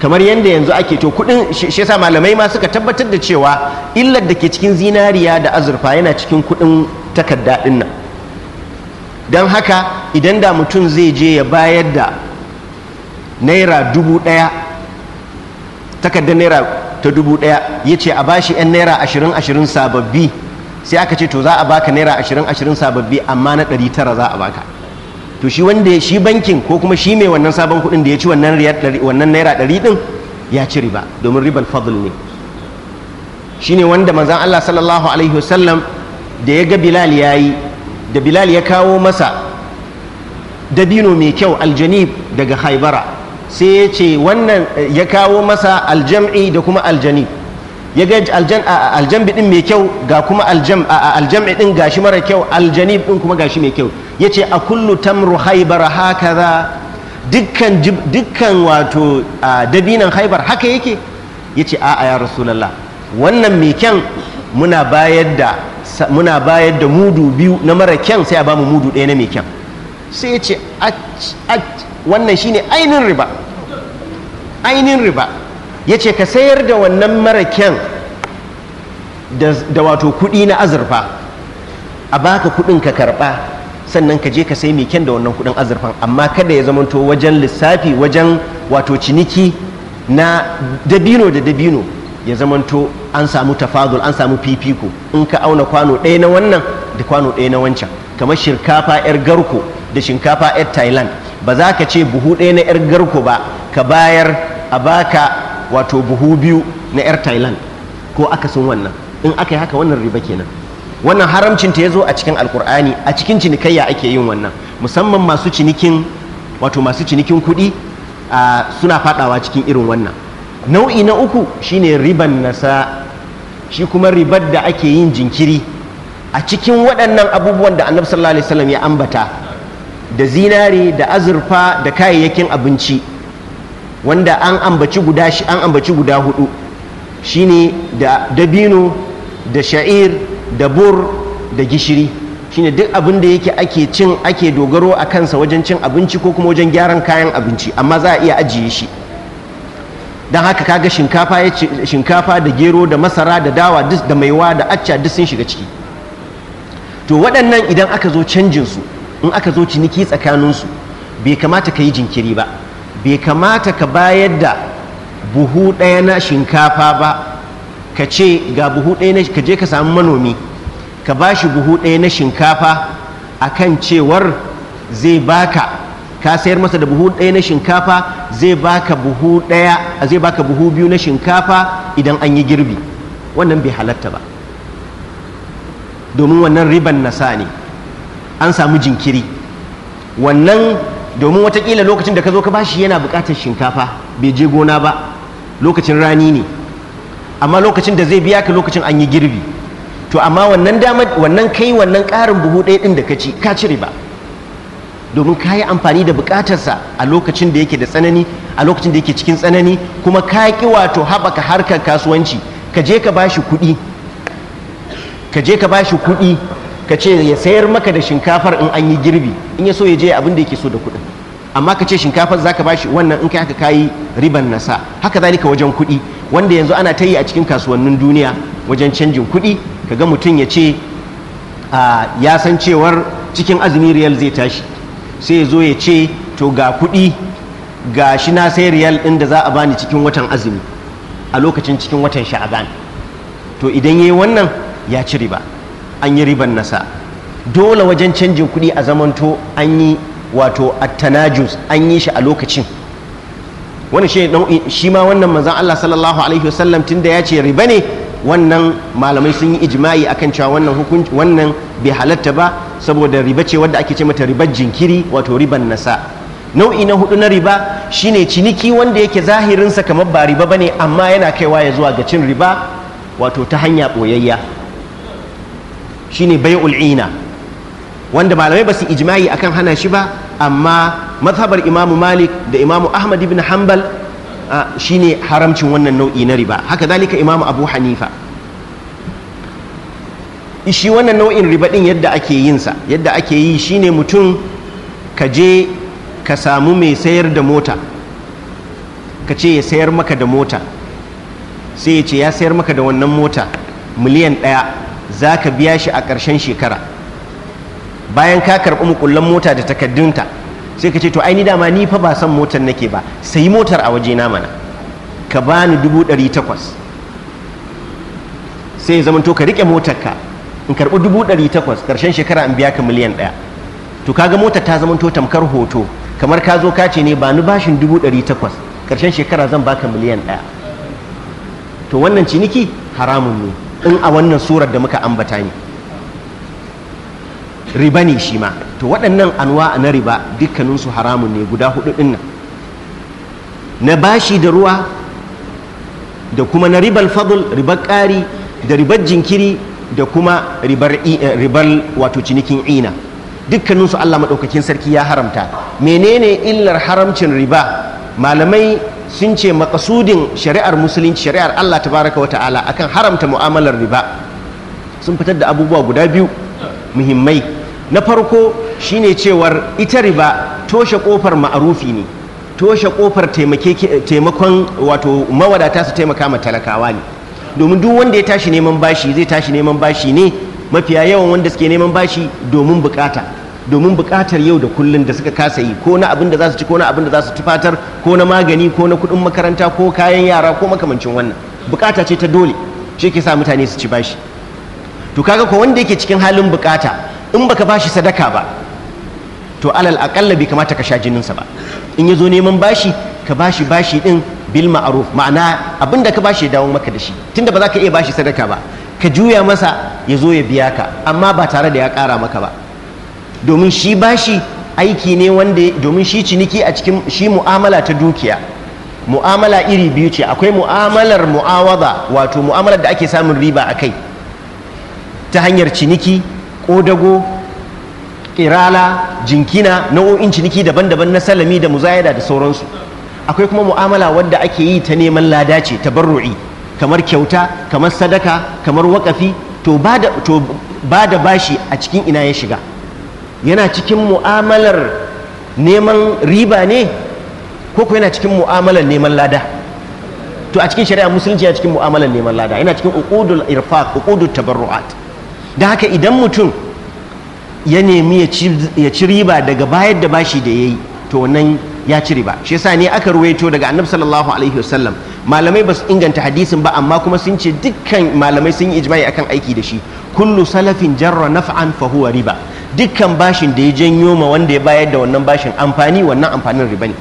kamar yadda yanzu ake to kudin shi yasa malamai ma suka tabbatar da cewa illar da ke cikin zinariya da azurfa yana cikin kudin takarda din nan don haka idan da mutum zai je ya bayar da naira dubu daya takarda naira ta dubu daya ya ce a bashi yan naira ashirin ashirin sababbi sai aka ce to za a baka naira ashirin ashirin sababbi amma na ɗari tara za a baka to shi wanda shi bankin ko kuma shi mai wannan sabon kuɗin da ya ci wannan naira ɗari ɗin ya ci riba domin ribar fadl ne Shi ne wanda manzan Allah sallallahu alaihi wasallam da ya ga Bilal ya yi da Bilal ya kawo masa dabino mai kyau aljanib daga haibara sai ya ce wannan ya kawo masa aljam'i da kuma aljanib ya ga aljambi din mai kyau ga kuma aljam'i din gashi mara kyau aljani din kuma gashi mai kyau ya ce a kullu tamru haibar haka za dukkan wato dabinan haibar haka yake ya ce a'a ya lalla wannan mai kyan muna bayar da mudu biyu na mara kyan sai a bamu mudu ɗaya na mai kyan sai ya ce wannan shine ne ainihin riba ya ce ka sayar da wannan maraken da wato kuɗi na azurfa a baka kuɗin ka karɓa sannan ka je ka sai mai kyan da wannan kuɗin azurfan amma kada ya zamanto wajen lissafi wajen wato ciniki na dabino da dabino ya zamanto an samu tafazul an samu fifiko in ka auna kwano ɗaya na wannan da kwano ɗaya na wancan kamar shinkafa 'yar garko da shinkafa 'yar thailand ba za ka ce buhu ɗaya na 'yar garko ba ka bayar a baka wato buhu biyu na 'yar thailand ko akasin wannan in aka yi haka wannan riba kenan wannan haramcin ta ya zo a cikin alkur'ani a cikin cinikayya ake yin wannan musamman masu cinikin wato masu cinikin kuɗi suna fadawa cikin irin wannan nau'i na uku shine riban nasa shi kuma ribar da ake yin jinkiri a cikin waɗannan abubuwan da annabi sallallahu alaihi wasallam ya ambata da zinare da azurfa da kayayyakin abinci wanda an ambaci guda shi an ambaci guda hudu shine da dabino da sha'ir da bur da gishiri shine duk abin da yake ake cin ake dogaro a kansa wajen cin abinci ko kuma wajen gyaran kayan abinci amma za a iya ajiye shi don haka kaga shinkafa shinkafa da gero da masara da dawa da maiwa da acca duk sun shiga ciki to waɗannan idan aka zo canjinsu in aka zo ciniki tsakaninsu bai kamata ka yi jinkiri ba bai kamata ka bayar da buhu ɗaya na shinkafa ba ka ce ga buhu ɗaya na ka je ka samu manomi ka ba shi buhu ɗaya na shinkafa a kan cewar zai baka ka sayar masa da buhu ɗaya na shinkafa zai baka buhu ɗaya zai baka buhu biyu na shinkafa idan an yi girbi wannan bai halatta ba domin wannan riban nasa ne an samu jinkiri wannan domin watakila lokacin da ka zo ka bashi yana buƙatar shinkafa bai je gona ba lokacin rani ne amma lokacin da zai biya ka lokacin an yi girbi to amma wannan damar wannan kai wannan ƙarin buhu ɗaya ɗin da ka ci ka cire ba domin ka yi amfani da buƙatarsa a lokacin da yake da tsanani a lokacin da yake cikin tsanani kuma ka ƙi wato haɓaka harkar kasuwanci ka je ka bashi kuɗi ka je ka bashi kuɗi ka ce ya sayar maka da shinkafar in an yi girbi in ya so ya je abin da yake so da kuɗin amma ka ce shinkafar zaka bashi wannan in kai haka kayi riban nasa haka zalika wajen kuɗi wanda yanzu ana ta yi a cikin kasuwannin duniya wajen canjin kuɗi kaga mutum ya ce ya san cewar cikin azumi riyal zai tashi sai ya zo ya ce to ga kuɗi ga shi na sai riyal ɗin da za a bani cikin watan azumi a lokacin cikin watan sha'aban to idan yayi wannan ya ci riba an yi riban nasa dole wajen canjin kuɗi a zamanto an yi wato attanajus an yi shi a lokacin wani shi shi ma wannan mazan Allah sallallahu alaihi wasallam tunda ya ce riba ne wannan malamai sun yi ijma'i akan cewa wannan hukunci wannan bai halatta ba saboda riba ce wadda ake ce mata ribar jinkiri wato riban nasa nau'i na hudu na riba shine ciniki wanda yake zahirinsa kamar ba riba bane amma yana kaiwa ya zuwa ga cin riba wato ta hanya boyayya shine bai'ul ina wanda malamai ba su ijma'i akan hana shi ba amma mazhabar imamu malik da imamu ahmad ibn hanbal shine haramcin wannan nau'i na riba haka zalika imamu abu hanifa shi wannan nau'in riba din yadda ake yin sa yadda ake yi shine mutum ka je ka samu mai sayar da mota ka ce ya sayar maka da mota sai ya ce ya sayar maka da wannan mota miliyan ɗaya za ka biya shi a ƙarshen shekara bayan ka karɓi mukullan mota da takaddunta sai ka ce to aini dama ni fa ba son motar nake ba sai motar a waje na mana ka bani dubu ɗari takwas sai zama to ka riƙe motarka in karɓi dubu ɗari takwas ƙarshen shekara in biya ka miliyan ɗaya to kaga motar ta zamanto tamkar hoto kamar ka zo ka ce ne ba ni bashin dubu ɗari takwas ƙarshen shekara zan baka miliyan ɗaya to wannan ciniki haramun ne in a wannan surar da muka ambata ne riba ne shi ma to waɗannan anwa na riba dukkaninsu haramun ne guda hudu ɗin nan na bashi da ruwa da kuma na ribar fadl ribar ƙari da ribar jinkiri da kuma ribar, eh, wato cinikin ina dukkaninsu allah maɗaukakin sarki ya haramta menene illar haramcin riba malamai sun ce makasudin shari'ar musulunci shari'ar allah tabaraka wa ta'ala akan haramta mu'amalar riba sun fitar da abubuwa guda biyu muhimmai na farko shine cewar ita riba toshe kofar ma'arufi ne toshe kofar taimakon wato mawadata su taimaka ma talakawa ne domin duk wanda ya tashi neman bashi zai tashi neman bashi ne mafiya yawan wanda suke neman bashi domin bukata domin bukatar yau da kullun da suka kasa yi ko na abin da za su ci ko na abin da za su tufatar ko na magani ko na kuɗin makaranta ko kayan yara ko makamancin wannan bukata ce ta dole shi ke sa mutane su ci bashi to kaga ko wanda yake cikin halin bukata in baka bashi sadaka ba to alal aqalla bi kamata ka sha jininsa ba in yazo neman bashi ka bashi bashi din bil ma'ruf ma'ana abinda ka bashi dawo maka da shi tunda ba za ka iya bashi sadaka ba ka juya masa ya zo ya biya ka amma ba tare da ya kara maka ba domin shi bashi aiki ne wanda domin shi ciniki a cikin shi mu'amala ta dukiya mu'amala iri biyu ce akwai mu'amalar mu'awada wato mu'amalar da ake samun riba a kai ta hanyar ciniki ƙodago ƙirala jinkina nau'o'in ciniki daban-daban na salami da muzayada da sauransu akwai kuma mu'amala wadda ake yi ta neman lada ce ta barru'i kamar kyauta kamar sadaka kamar wakafi to ba da bashi a cikin ina ya shiga yana cikin mu'amalar neman riba ne ko yana cikin mu'amalar neman lada to a cikin shari'a musulunci yana cikin mu'amalar neman lada yana cikin uqudul irfaq uqudut tabarru'at da haka idan mutum ya nemi ya ci riba daga bayar da bashi da ya yi to wannan ya ci riba shi yasa ne aka ruwaito daga annabi sallallahu alaihi wasallam malamai ba su inganta hadisin ba amma kuma sun ce dukkan malamai sun yi ijma'i akan aiki da shi kullu salafin jarra naf'an fa huwa riba dukkan bashin da ya janyo ma wanda ya bayar da wannan bashin amfani wannan amfanin riba ne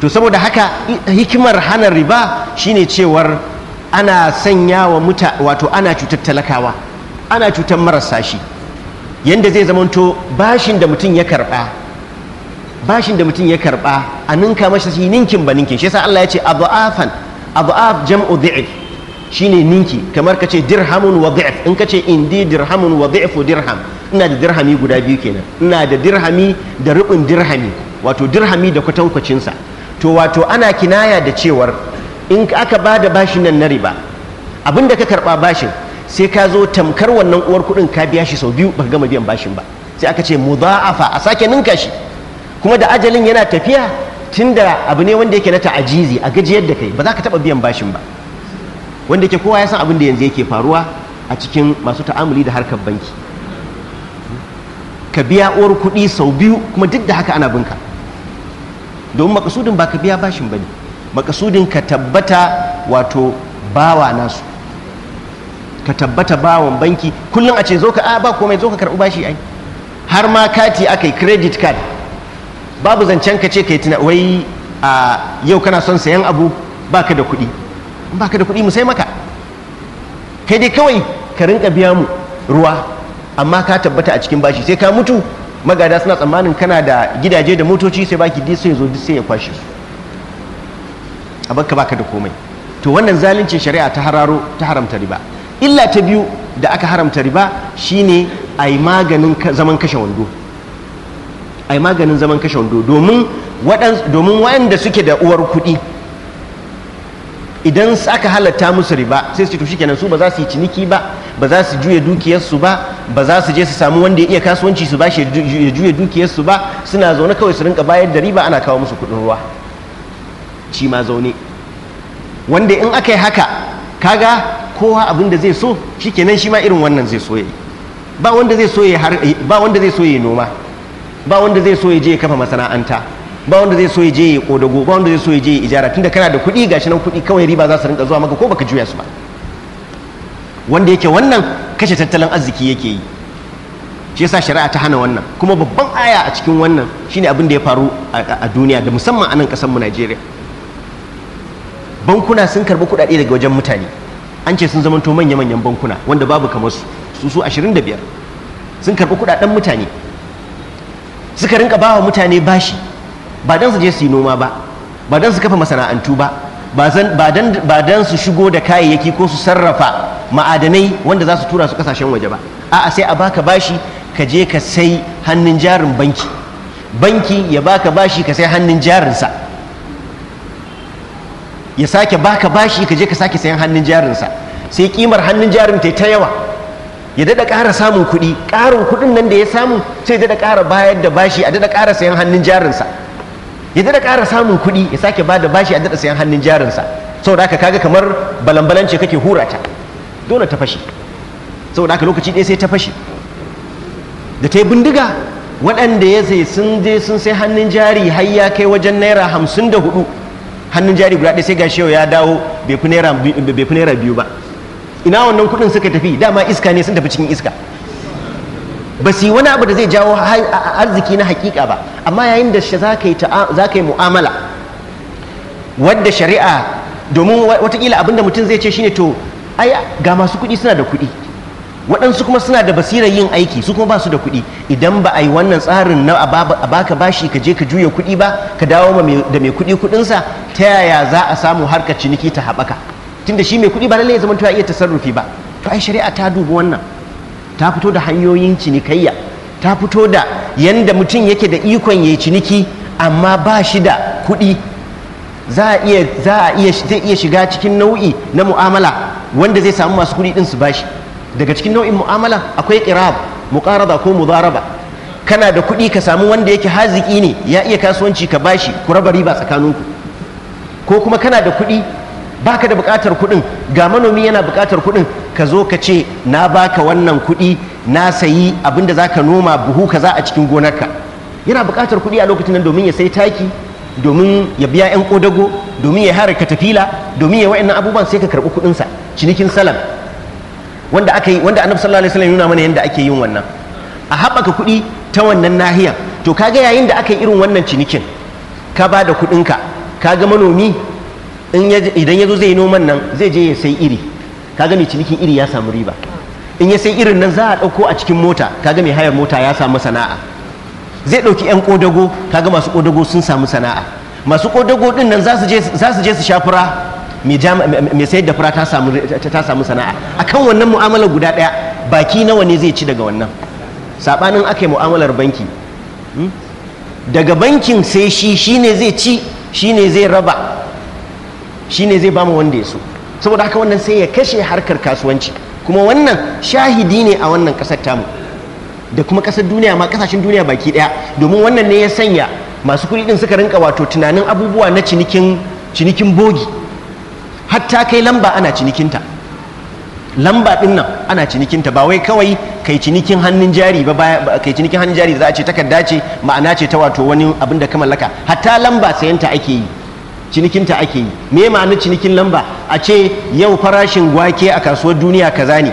to saboda haka hikimar hana riba shine cewar ana sanya wa muta wato ana cutar talakawa ana cutar marasa shi yanda zai zamanto bashin da mutum ya karba bashin da mutum ya karba a ninka masa shi ninkin ba ninkin shi yasa Allah ya ce adhafan adhaf jam'u dhi'f shine ninki kamar kace dirhamun wa dhi'f in kace indi dirhamun wa dhi'fu dirham ina da dirhami guda biyu kenan ina da dirhami da rubin dirhami wato dirhami da kwatankwacinsa to wato ana kinaya da cewar in aka ba da bashin nan na riba abin da ka karɓa bashin sai ka zo tamkar wannan uwar kuɗin ka biya shi sau biyu baka gama biyan bashin ba sai aka ce muza'afa a sake ninka shi kuma da ajalin yana tafiya tunda abu ne wanda yake na ta'ajizi a gajiyar da kai ba za ka taɓa biyan bashin ba wanda ke kowa ya san abin da yanzu yake faruwa a cikin masu ta'amuli da harkar banki ka biya uwar kuɗi sau biyu kuma duk da haka ana binka domin makasudin ba ka biya bashin ba ne makasudin ka tabbata wato bawa nasu ka tabbata bawan banki kullum a ce zo ka a ah, ba komai zo ka karɓi bashi ai har ma kati aka yi credit card babu zancen ka ce ka yi tuna wai a yau kana son sayan abu Ba ka da kuɗi ba ka da kuɗi mu maka kai dai kawai ka rinka biya mu ruwa amma ka tabbata a cikin bashi sai ka mutu magada suna tsammanin kana da gidaje da motoci sai baki duk sai zo duk sai ya kwashe su a baka baka da komai to wannan zalincin shari'a ta hararo ta haramta riba illa ta biyu da aka haramta riba shine a maganin zaman kashe wando a maganin zaman kashe wando domin waɗanda suke da uwar kuɗi idan aka halatta musu riba sai su to shikenan su ba za su yi ciniki ba ba za su juya dukiyarsu ba ba za su je su samu wanda ya iya kasuwanci su ba shi ya juya dukiyarsu ba suna zaune kawai su rinka bayar da riba ana kawo musu kuɗin ruwa shi ma zaune wanda in aka yi haka kaga kowa abin da zai so shi kenan shi ma irin wannan zai so ya ba wanda zai so ba wanda zai so ya noma ba wanda zai so ya je ya kafa masana'anta ba wanda zai so ya je ya kodago ba wanda zai so ya je ya ijara tunda kana da kuɗi gashi nan kuɗi kawai riba za su rinka zuwa maka ko baka juya su ba wanda yake wannan kashe tattalin arziki yake yi shi yasa shari'a ta hana wannan kuma babban aya a cikin wannan shine abin da ya faru a duniya da musamman a nan kasar mu Najeriya bankuna sun karbi kuɗaɗe daga wajen mutane an ce sun zamanto manya-manyan bankuna wanda babu kamar su su su 25 sun karbi kuɗaɗen mutane suka rinka bawa mutane bashi ba dan su je su yi noma ba ba dan su kafa masana'antu ba ba dan su shigo da kayayyaki ko su sarrafa ma'adanai wanda za su tura su kasashen waje ba a'a sai a baka bashi ka je ka sai hannun jarin banki banki ya baka bashi ka sai hannun jarinsa ya sake baka bashi ka je ka sake sayan hannun jarinsa sai kimar hannun jarin ta ta yawa ya dada ƙara samun kuɗi ƙarin kuɗin nan da ya samu sai dada ƙara bayar da bashi a dada ƙara sayan hannun jarinsa ya dada ƙara samun kuɗi ya sake ba da bashi a dada sayan hannun jarinsa saboda haka kaga kamar balan ce kake hura ta dole ta fashe saboda haka lokaci ɗaya sai ta fashe da ta yi bindiga waɗanda ya sai sun je sun sai hannun jari har ya kai wajen naira hamsin da hudu hannun jari guda ɗaya sai ga shewa ya dawo bai fi naira biyu ba ina wannan kuɗin suka tafi dama iska ne sun tafi cikin iska ba su yi wani abu da zai jawo arziki na hakika ba amma yayin da za ka yi mu'amala wadda shari'a domin watakila abinda mutum zai ce shi ne to ai ga masu kuɗi suna da kuɗi waɗansu kuma suna da basirar yin aiki su kuma ba su da kuɗi idan ba a yi wannan tsarin na a baka bashi ka je ka juya kuɗi ba ka dawo da mai kuɗi kuɗinsa ta yaya za a samu harkar ciniki ta haɓaka tunda shi mai kuɗi ba lallai ya zama ya iya tasarrufi ba to ai shari'a ta dubi wannan ta fito da hanyoyin cinikayya ta fito da yanda mutum yake da ikon ya ciniki amma ba shi da kuɗi za a iya zai iya shiga cikin nau'i na mu'amala wanda zai samu masu kuɗi ɗin su bashi daga cikin nau'in mu'amala akwai qirab muqarada ko mudaraba kana da kuɗi ka samu wanda yake haziki ne ya iya kasuwanci ka bashi ku raba riba tsakaninku ko kuma kana da kuɗi baka da buƙatar kuɗin ga manomi yana buƙatar kuɗin ka zo ka ce na baka wannan kuɗi na sayi abin da zaka noma buhu ka za a cikin gonarka yana buƙatar kuɗi a lokacin nan domin ya sai taki domin ya biya 'yan ƙodago domin ya harka tafila domin ya wa'annan abubuwan sai ka karɓi kuɗinsa cinikin salam wanda aka yi wanda annabi sallallahu alaihi wasallam nuna mana yadda ake yin wannan a haɓaka kuɗi ta wannan nahiya to kaga yayin da aka yi irin wannan cinikin ka ba da kuɗinka kaga manomi idan ya zo zai noman nan zai je ya sai iri kaga mai cinikin iri ya samu riba in ya sai irin nan za a ɗauko a cikin mota kaga mai hayar mota ya samu sana'a zai ɗauki 'yan ƙodago kaga masu ƙodago sun samu sana'a masu ƙodago ɗin nan za su je su sha fura mai sayar da fura ta samu sana'a A kan wannan mu'amalar guda ɗaya baki nawa ne zai ci daga wannan saɓanin aka yi mu'amalar banki hmm? daga bankin sai shi ne zai ci shi ne zai raba shi ne zai bamu wanda ya so saboda haka wannan sai ya kashe harkar kasuwanci kuma wannan shahidi ne a wannan ƙasar tamu da kuma ƙasar duniya ma ƙasashen duniya baki ɗaya domin wannan ne ya sanya masu kuɗi ɗin suka rinka wato tunanin abubuwa na cinikin bogi hatta kai lamba ana cinikinta lamba ɗin nan ana cinikinta ba wai kawai kai cinikin hannun jari ba kai cinikin hannun jari za a ce takarda ce ma'ana ce ta wato wani abin da ka mallaka hatta lamba sayanta ake yi cinikinta ake yi me ma'anar cinikin lamba a ce yau farashin gwake a kasuwar duniya kaza ne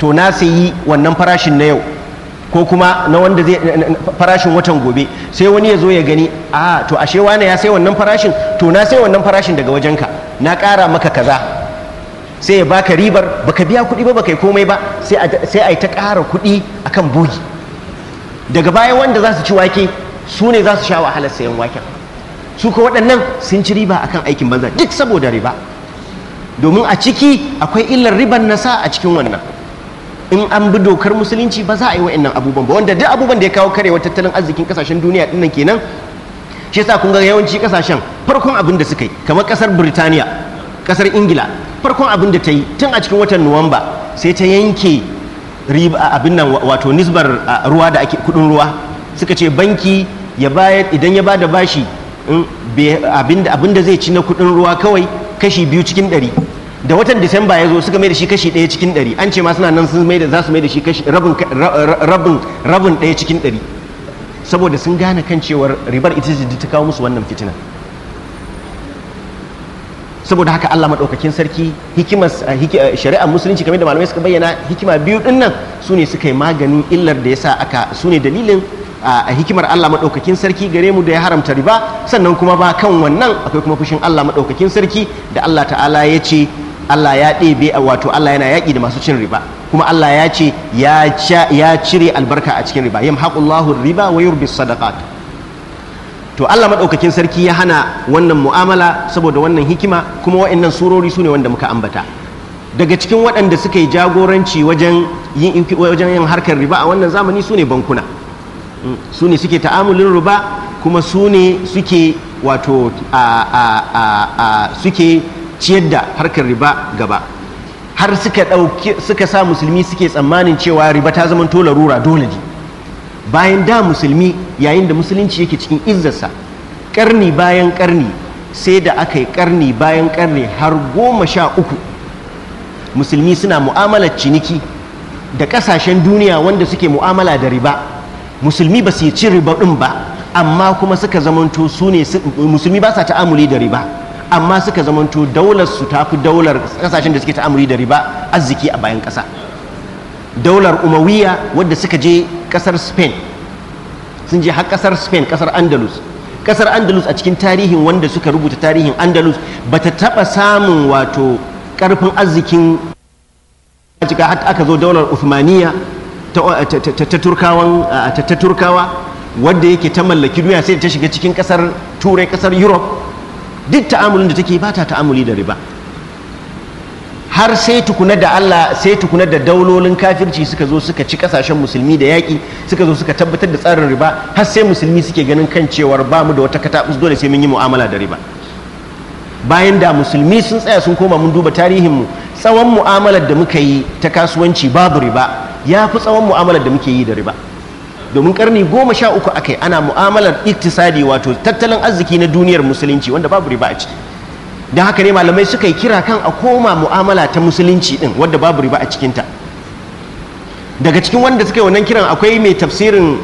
to na sayi wannan farashin na yau ko kuma na wanda zai farashin watan gobe sai wani ya zo ya gani a to ashe wane ya sai wannan farashin to na sai wannan farashin daga wajenka na ƙara maka kaza sai ya baka ribar baka biya kuɗi ba baka yi komai ba sai a yi ta ƙara kuɗi akan bogi daga baya wanda za su ci wake su ne za su sha wahalar sayan waken su ko waɗannan sun ci riba akan aikin banza duk saboda riba domin a ciki akwai illar riban nasa a cikin wannan in an bi dokar musulunci ba za a yi wa'annan abubuwan ba wanda duk abubuwan da ya kawo karewar tattalin arzikin kasashen duniya dinnan kenan shi yasa kun ga yawanci kasashen farkon abin da suka yi kamar kasar Birtaniya kasar Ingila farkon abin da ta yi tun a cikin watan Nuwamba sai ta yanke riba abin nan wato nisbar ruwa da ake kudin ruwa suka ce banki ya bayar idan ya bada bashi abin da zai ci na kudin ruwa kawai kashi biyu cikin ɗari da watan disamba ya zo suka mai da shi kashi ɗaya cikin ɗari an ce ma suna nan sun mai da za su mai da shi kashi rabin ɗaya cikin ɗari saboda sun gane kan cewar ribar ita ce ta kawo musu wannan fitina saboda haka Allah madaukakin sarki hikimar eh, eh, shari'ar musulunci kamar da malamai suka bayyana hikima biyu din nan su ne suka yi maganin illar da ya sa aka su ne dalilin eh, a hikimar Allah maɗaukakin sarki gare mu da ya haramta riba sannan kuma ba kan wannan akwai kuma fushin Allah maɗaukakin sarki da Allah ta'ala ya ce Allah ya ɗebe wato Allah yana yaƙi da masu cin riba kuma Allah ya ce ya cire albarka a cikin riba Yam haƙullahu riba wa yurbis sadaqat to Allah madaukakin sarki ya hana wannan mu'amala saboda wannan hikima kuma wa'annan surori su ne wanda muka ambata daga cikin waɗanda suka yi jagoranci wajen yin harkar riba a wannan zamani su ne bankuna mm, su ne suke ta'amulin riba kuma su ne suke wato suke ciyar da harkar riba gaba har suka sa musulmi suke tsammanin cewa riba ta zama larura dole ne bayan da musulmi yayin da musulunci yake cikin izzarsa karni bayan karni sai da aka yi karni bayan karni har goma sha uku musulmi suna mu'amalar ciniki da kasashen duniya wanda suke mu'amala da riba musulmi ba su ci riba ɗin ba amma kuma suka zamanto su ne musulmi ba sa ta'amuli da riba amma suka zamanto daular su tafi daular kasashen da suke ta'amuli da riba arziki a bayan ƙasa daular umawiya wadda suka je kasar spain sun je har kasar spain kasar andalus kasar andalus a cikin tarihin wanda suka rubuta tarihin andalus ba ta taɓa samun wato ƙarfin arzikin cika har aka zo daular uthmaniya ta turkawa wadda yake ta mallaki duya sai ta shiga cikin kasar turai kasar europe duk ta'amulin da take ba ta ta'amuli da riba har sai tukuna da Allah sai tukuna da daulolin kafirci suka zo suka ci kasashen musulmi da yaki suka zo suka tabbatar da tsarin riba har sai musulmi suke ganin kan cewar ba mu da wata katabus dole sai mun yi mu'amala da riba bayan da musulmi sun tsaya sun koma mun duba tarihin mu tsawon mu'amalar da muka yi ta kasuwanci babu riba ya fi tsawon mu'amalar da muke yi da riba domin karni goma sha uku a kai ana mu'amalar iktisadi wato tattalin arziki na duniyar musulunci wanda babu riba a ciki don haka ne malamai suka yi kira kan a koma mu'amala ta musulunci din wadda babu riba a cikinta daga cikin wanda suka yi wannan kiran akwai mai tafsirin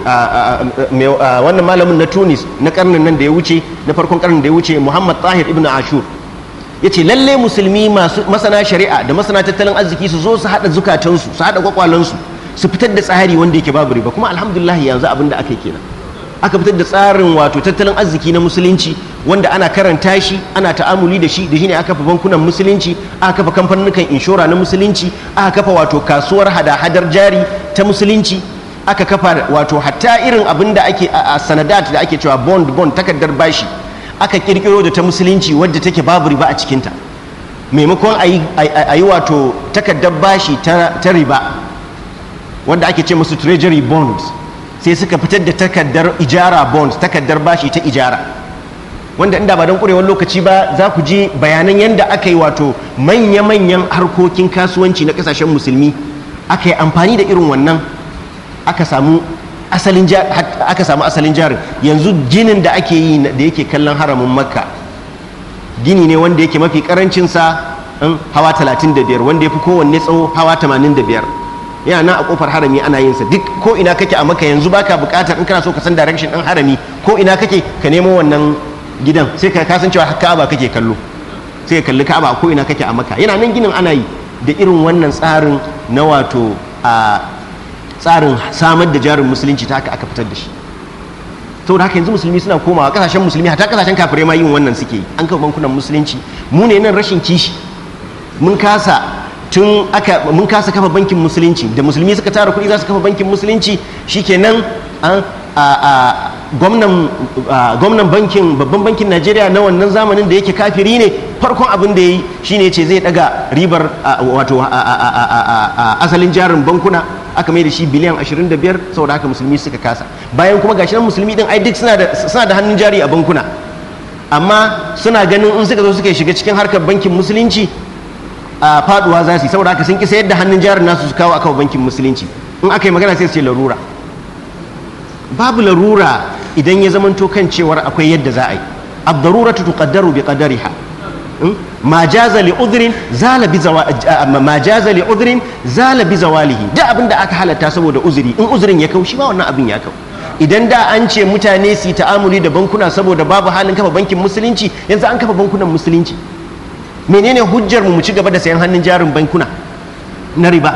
wannan malamin na tunis na karnin nan da ya wuce na farkon karnin da ya wuce muhammad tahir ibn ashur ya ce lalle musulmi masu masana shari'a da masana tattalin arziki su zo su haɗa zukatansu su haɗa kwakwalansu su fitar da tsari wanda yake babu riba kuma alhamdulillah yanzu abin da aka kenan aka fitar da tsarin wato tattalin arziki na musulunci wanda ana karanta shi ana ta'amuli da shi da shine aka kafa bankunan musulunci aka kafa kamfanin inshora na musulunci aka kafa wato kasuwar hada-hadar jari ta musulunci aka kafa wato hatta irin abin da ake a sanadat da ake cewa bond bond takardar bashi aka kirkiro da ta musulunci wadda take babu riba a cikinta maimakon a yi wato takardar bashi ta riba wadda ake ce musu treasury bonds sai suka fitar da takardar ijara bonds takardar bashi ta ijara wanda inda ba don kurewar lokaci ba za ku ji bayanan yadda aka yi wato manya-manyan harkokin kasuwanci na kasashen musulmi aka yi amfani da irin wannan aka samu asalin aka samu jarin yanzu ginin da ake yi da yake kallon haramin makka gini ne wanda yake mafi karancinsa um, hawa 35 wanda ya fi kowanne tsawo hawa 85 yana nan a kofar harami ana yin sa duk ko ina kake a maka yanzu baka bukatar in kana so ka san direction din harami ko ina kake ka nemo wannan gidan sai ka kasan cewa ka'aba kake kallo sai ka kalli ka'aba ko ina kake a maka yana nan ginin ana yi da irin wannan tsarin na wato a tsarin samar da jarin musulunci ta haka aka fitar da shi saboda haka yanzu musulmi suna komawa kasashen musulmi hata kasashen kafirai ma yin wannan suke an kafa bankunan musulunci mu ne nan rashin kishi mun kasa tun aka mun kasa kafa bankin musulunci da musulmi suka tara kuɗi za su kafa bankin musulunci shikenan an a Ah, gwamnan bankin babban bankin najeriya na wannan zamanin da yake kafiri ne farkon abin da ya yi shine ce zai daga ribar ah, wato ah, asalin jarin bankuna aka mai da shi biliyan 25 saboda haka musulmi suka kasa bayan kuma gashi nan musulmi din ai duk suna da hannun jari a bankuna amma suna ganin in suka zo suka shiga cikin harkar bankin musulunci a faduwa za su yi saboda haka sun kisa sayar da hannun jarin nasu su kawo aka bankin musulunci in aka yi magana sai su ce larura babu larura idan ya zamanto kan cewar akwai yadda za a yi abdarura ta tuqaddaru bi hmm? ma jaza li zala bi zawalihi da abin da aka halatta saboda uzuri in uzurin ya kau shi ma wannan abin ya kau idan da an ce mutane su yi ta'amuli da bankuna saboda babu halin kafa bankin musulunci yanzu an kafa bankunan musulunci menene hujjar mu ci gaba da sayan hannun jarin bankuna na riba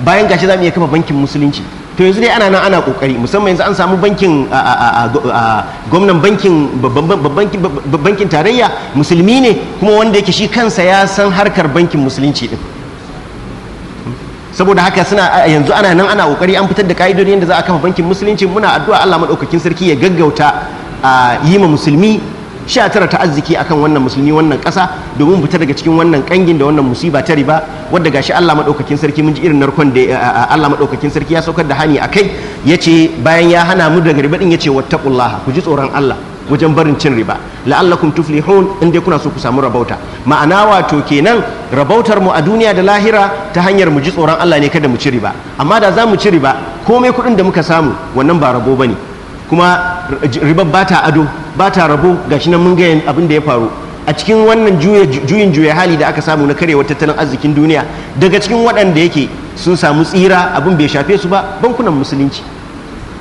bayan gashi za mu iya kafa bankin musulunci to yanzu dai ana nan ana kokari musamman yanzu an samu bankin gwamnan bankin bankin tarayya musulmi ne kuma wanda yake shi kansa ya san harkar bankin musulunci din saboda haka suna yanzu ana nan ana kokari an fitar da ka'idodin yadda za a kafa bankin musulunci muna addu'a Allah madaukakin sarki ya gaggauta a yi ma musulmi sha tara ta arziki akan wannan musulmi wannan ƙasa domin fita daga cikin wannan kangin da wannan musiba ta riba wadda gashi Allah madaukakin sarki mun ji irin narkon da eh, eh, Allah madaukakin sarki ya saukar da hani a akai yace bayan ya hana mu daga riba din yace wattaqullaha ku ji tsoron Allah wajen barin cin riba la'allakum tuflihun in dai kuna so ku samu rabauta ma'ana wato kenan rabautar mu a duniya da lahira ta hanyar mu ji tsoron Allah ne kada mu ci riba amma da za mu ci riba komai kuɗin da muka samu wannan ba rabo bane kuma ribar ba ta ado ba ta rabo shi nan mun ga abin da ya faru a cikin wannan juyin juya hali da aka samu na karewar tattalin arzikin duniya daga cikin waɗanda yake sun samu tsira abin bai shafe su ba bankunan musulunci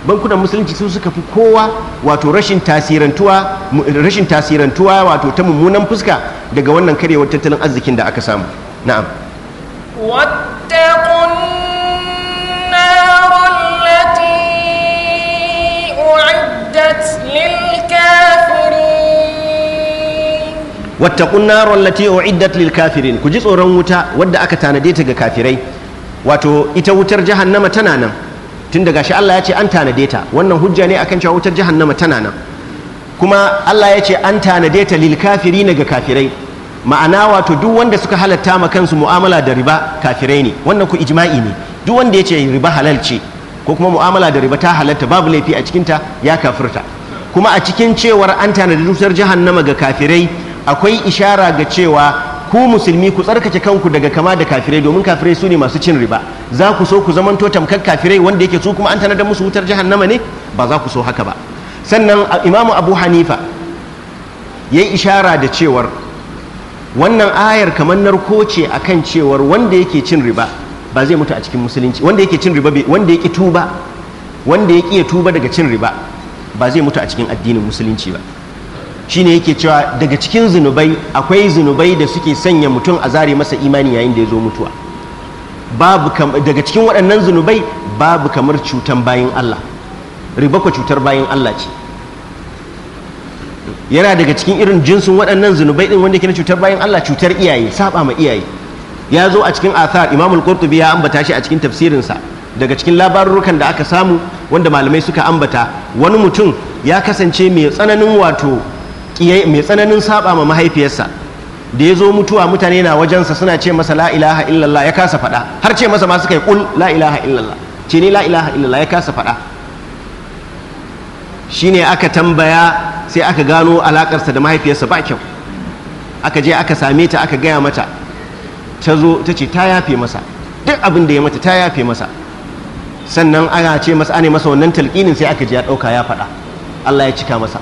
bankunan musulunci su suka fi kowa wato rashin tasirantuwa rashin tasirantuwa wato ta mummunan fuska daga wannan karewar tattalin arzikin da aka samu na'am أعدت للكافرين واتقوا النار التي أعدت للكافرين كجزء رموتا ودا أكتانا ديتا كافرين واتو إتوتر جهنم تنانا tunda gashi Allah ya ce an tanade ta wannan hujja ne akan cewa wutar jahannama tana nan kuma Allah ya ce an tanade ta lil kafirina ga kafirai ma'ana wato duk wanda suka halatta ma kansu mu'amala da riba kafirai ne wannan ku ijma'i ne duk wanda ya ce riba halal ce ko kuma mu'amala da riba ta halatta babu laifi a cikinta ya kafirta kuma a cikin cewar an tanadi dutar jahannama ga kafirai akwai ishara ga cewa ku musulmi ku tsarkake kanku daga kama da kafirai domin kafirai su ne masu cin riba za ku so ku zamanto tamkar kafirai wanda yake su kuma an tanadar musu wutar jahannama ne ba za ku so haka ba sannan imamu abu hanifa ya ishara da cewar wannan ayar kamar narko ce akan cewar wanda yake cin riba ba zai mutu a cikin musulunci wanda yake cin riba wanda yake tuba wanda yake iya tuba daga cin riba ba zai mutu a cikin addinin musulunci ba shine yake cewa daga cikin zunubai akwai zunubai da suke sanya mutum a zare masa imani yayin da ya zo mutuwa babu daga cikin waɗannan zunubai babu kamar cutan bayan Allah riba ko cutar bayan Allah ce yana daga cikin irin jinsin waɗannan zunubai ɗin wanda ke na cutar bayan Allah cutar iyaye saba ma iyaye ya zo a cikin athar imam al-qurtubi ya ambata shi a cikin tafsirinsa daga cikin labarurukan da aka samu wanda malamai suka ambata wani mutum ya kasance mai tsananin wato mai tsananin saba ma mahaifiyarsa da ya zo mutuwa mutane na wajensa suna ce masa la ilaha illallah ya kasa faɗa har ce masa ma suka yi kul la ilaha illallah ce ni la ilaha illallah ya kasa faɗa shine aka tambaya sai aka gano alakarsa da mahaifiyarsa ba kyau aka je aka same ta aka gaya mata ta zo ta ce ta yafe masa duk abin da ya mata ta yafe masa sannan ana ce masa ane masa wannan talqinin sai aka ji ya dauka ya faɗa Allah ya cika masa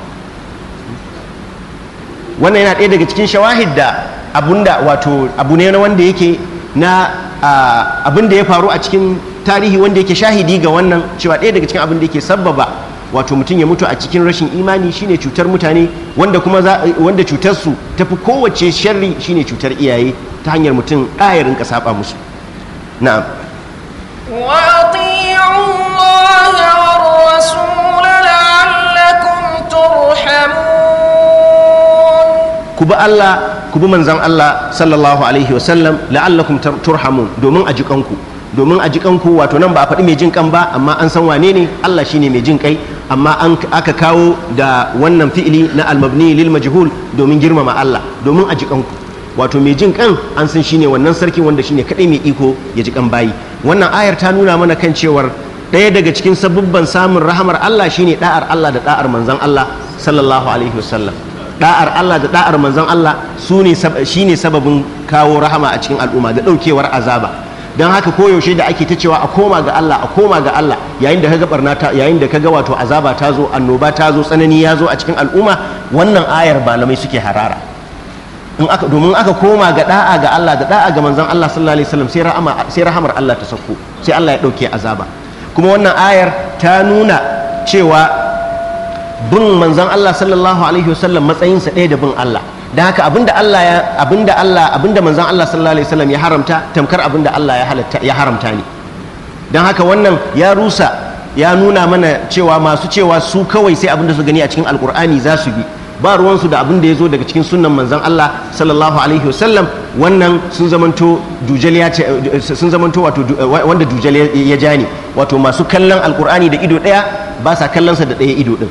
wannan yana ɗaya daga cikin shawahid da abunda wato abu ne na wanda yake na abin da ya faru a cikin tarihi wanda yake shahidi ga wannan cewa ɗaya daga cikin abin da yake sabbaba wato mutum ya mutu a cikin rashin imani shine cutar mutane wanda kuma za wanda cutar su tafi kowace sharri shine cutar iyaye ta hanyar mutum ɗayarin ka saba musu na'am ku bi Allah ku bi manzan Allah sallallahu alaihi sallam la'allakum turhamun domin a jikanku domin a jikanku wato nan ba a faɗi mai jin kan ba amma an san wane ne Allah shine mai jin kai amma an aka kawo da wannan fi'ili na almabni lil majhul domin girmama Allah domin a jikanku wato mai jin kan an san shine wannan sarki wanda shine kadai mai iko ya ji kan bayi wannan ayar ta nuna mana kan cewar ɗaya daga cikin sabubban samun rahamar Allah shine da'ar Allah da da'ar manzon Allah sallallahu alaihi wasallam da'ar Allah da da'ar manzon Allah su ne shine sababin kawo rahama a cikin al'umma da daukewar azaba don haka koyaushe da ake ta cewa a koma ga Allah a koma ga Allah yayin da ka ga ta yayin da kaga wato azaba ta zo annoba ta zo tsanani ya zo a cikin al'umma wannan ayar malamai suke harara in aka domin aka koma ga da'a ga Allah da da'a ga manzon Allah sallallahu alaihi wasallam sai rahama sai rahamar Allah ta sauko sai Allah ya dauke azaba kuma wannan ayar ta nuna cewa bin manzon Allah sallallahu alaihi wasallam matsayinsa ɗaya da bin Allah don haka abinda Allah ya abinda Allah abinda manzon Allah sallallahu alaihi wasallam ya haramta tamkar abinda Allah ya halatta ya haramta ne don haka wannan ya rusa ya nuna mana cewa masu cewa su kawai sai abinda su gani a cikin alqur'ani za su bi ba ruwansu da abinda da ya zo daga cikin sunnan manzon Allah sallallahu alaihi wasallam wannan sun zamanto dujaliya ce sun zamanto wato wanda dujal ya ja ne wato masu kallon alqur'ani da ido daya ba sa kallon sa da daya ido din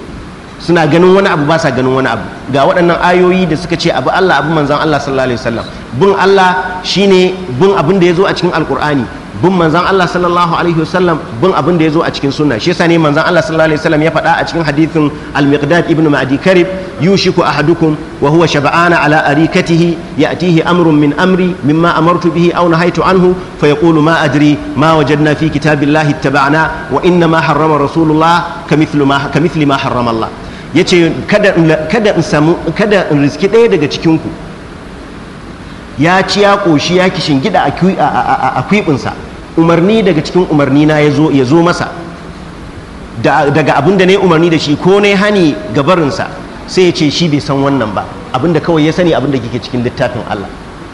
suna ganin wani abu ba sa ganin wani abu ga waɗannan ayoyi da suka ce abu Allah abu manzan Allah sallallahu alaihi wasallam bin Allah shine bin abin da ya zo a cikin alkur'ani bin manzan Allah sallallahu alaihi wasallam bin abin da ya zo a cikin sunna shi yasa ne manzan Allah sallallahu alaihi wasallam ya faɗa a cikin hadithin al-miqdad ibn ma'adi karib yushiku ahadukum wa huwa shab'ana ala arikatihi ya'tihi amrun min amri mimma amartu bihi aw nahaytu anhu fa yaqulu ma adri ma wajadna fi kitabillahi ittaba'na wa inna ma harrama rasulullah kamithlu ma kamithli ma harrama Allah ya ce kada in samu kada in riski ɗaya daga cikinku ya ci ya ƙoshi ya kishin gida a kwiɓinsa umarni daga cikin umarni na ya zo masa daga abinda ne na umarni da shi ko na hani ga sai ya ce shi bai san wannan ba Abinda kawai ya sani abinda kike cikin littafin Allah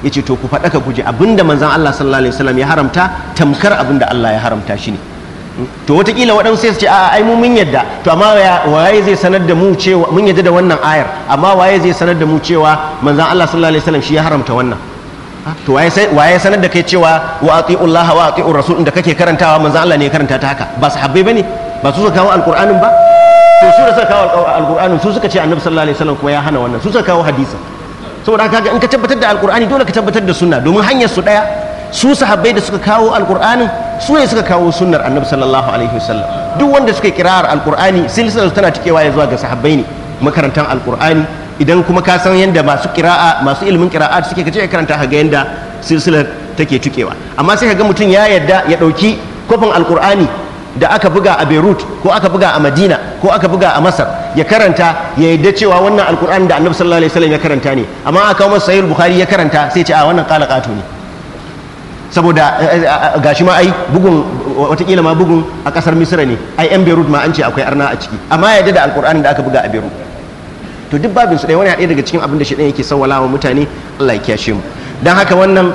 ya ce to ku faɗaka ka guje abinda manzan Allah sallallahu alaihi wasallam ya haramta tamkar abinda Allah ya haramta shi ne to watakila waɗansu sai su ce a mu mun yadda to amma waye zai sanar da mu cewa mun yadda da wannan ayar amma waye zai sanar da mu cewa manzon Allah sallallahu alaihi wasallam shi ya haramta wannan to waye sanar da kai cewa wa ati'u Allah wa ati'u rasul da kake karantawa manzon Allah ne ya karanta ta haka ba sahabbai bane ba su suka kawo alqur'anin ba to su da suka kawo alqur'anin su suka ce annabi sallallahu alaihi wasallam kuma ya hana wannan su suka kawo hadisi saboda kaga in ka tabbatar da alqur'ani dole ka tabbatar da sunna domin hanyar su daya su sahabbai da suka kawo alqur'anin su ne suka kawo sunnar annabi sallallahu alaihi wasallam duk wanda suka kirar alqur'ani silsilar tana cikewa ya zuwa ga sahabbai ne makarantan alqur'ani idan kuma ka san yadda masu kira'a masu ilimin kira'a suke kace karanta ga yanda silsilar take cikewa amma sai ka ga mutum ya yadda ya dauki kofin alqur'ani da aka buga a Beirut ko aka buga a Madina ko aka buga a Masar ya karanta ya yadda cewa wannan alqur'ani da annabi sallallahu alaihi wasallam ya karanta ne amma aka kawo masa sahih bukhari ya karanta sai ce a wannan qalaqatu ne saboda eh, eh, gashi ma ai bugun watakila ma bugun a kasar misira ne ai yan beirut ma an ce akwai arna a ciki amma ya da alkur'ani da aka buga a beirut to duk babin su ɗaya wani ɗaya daga cikin abin da shaidan yake sawwala wa mutane allah ya kiyashe mu don haka wannan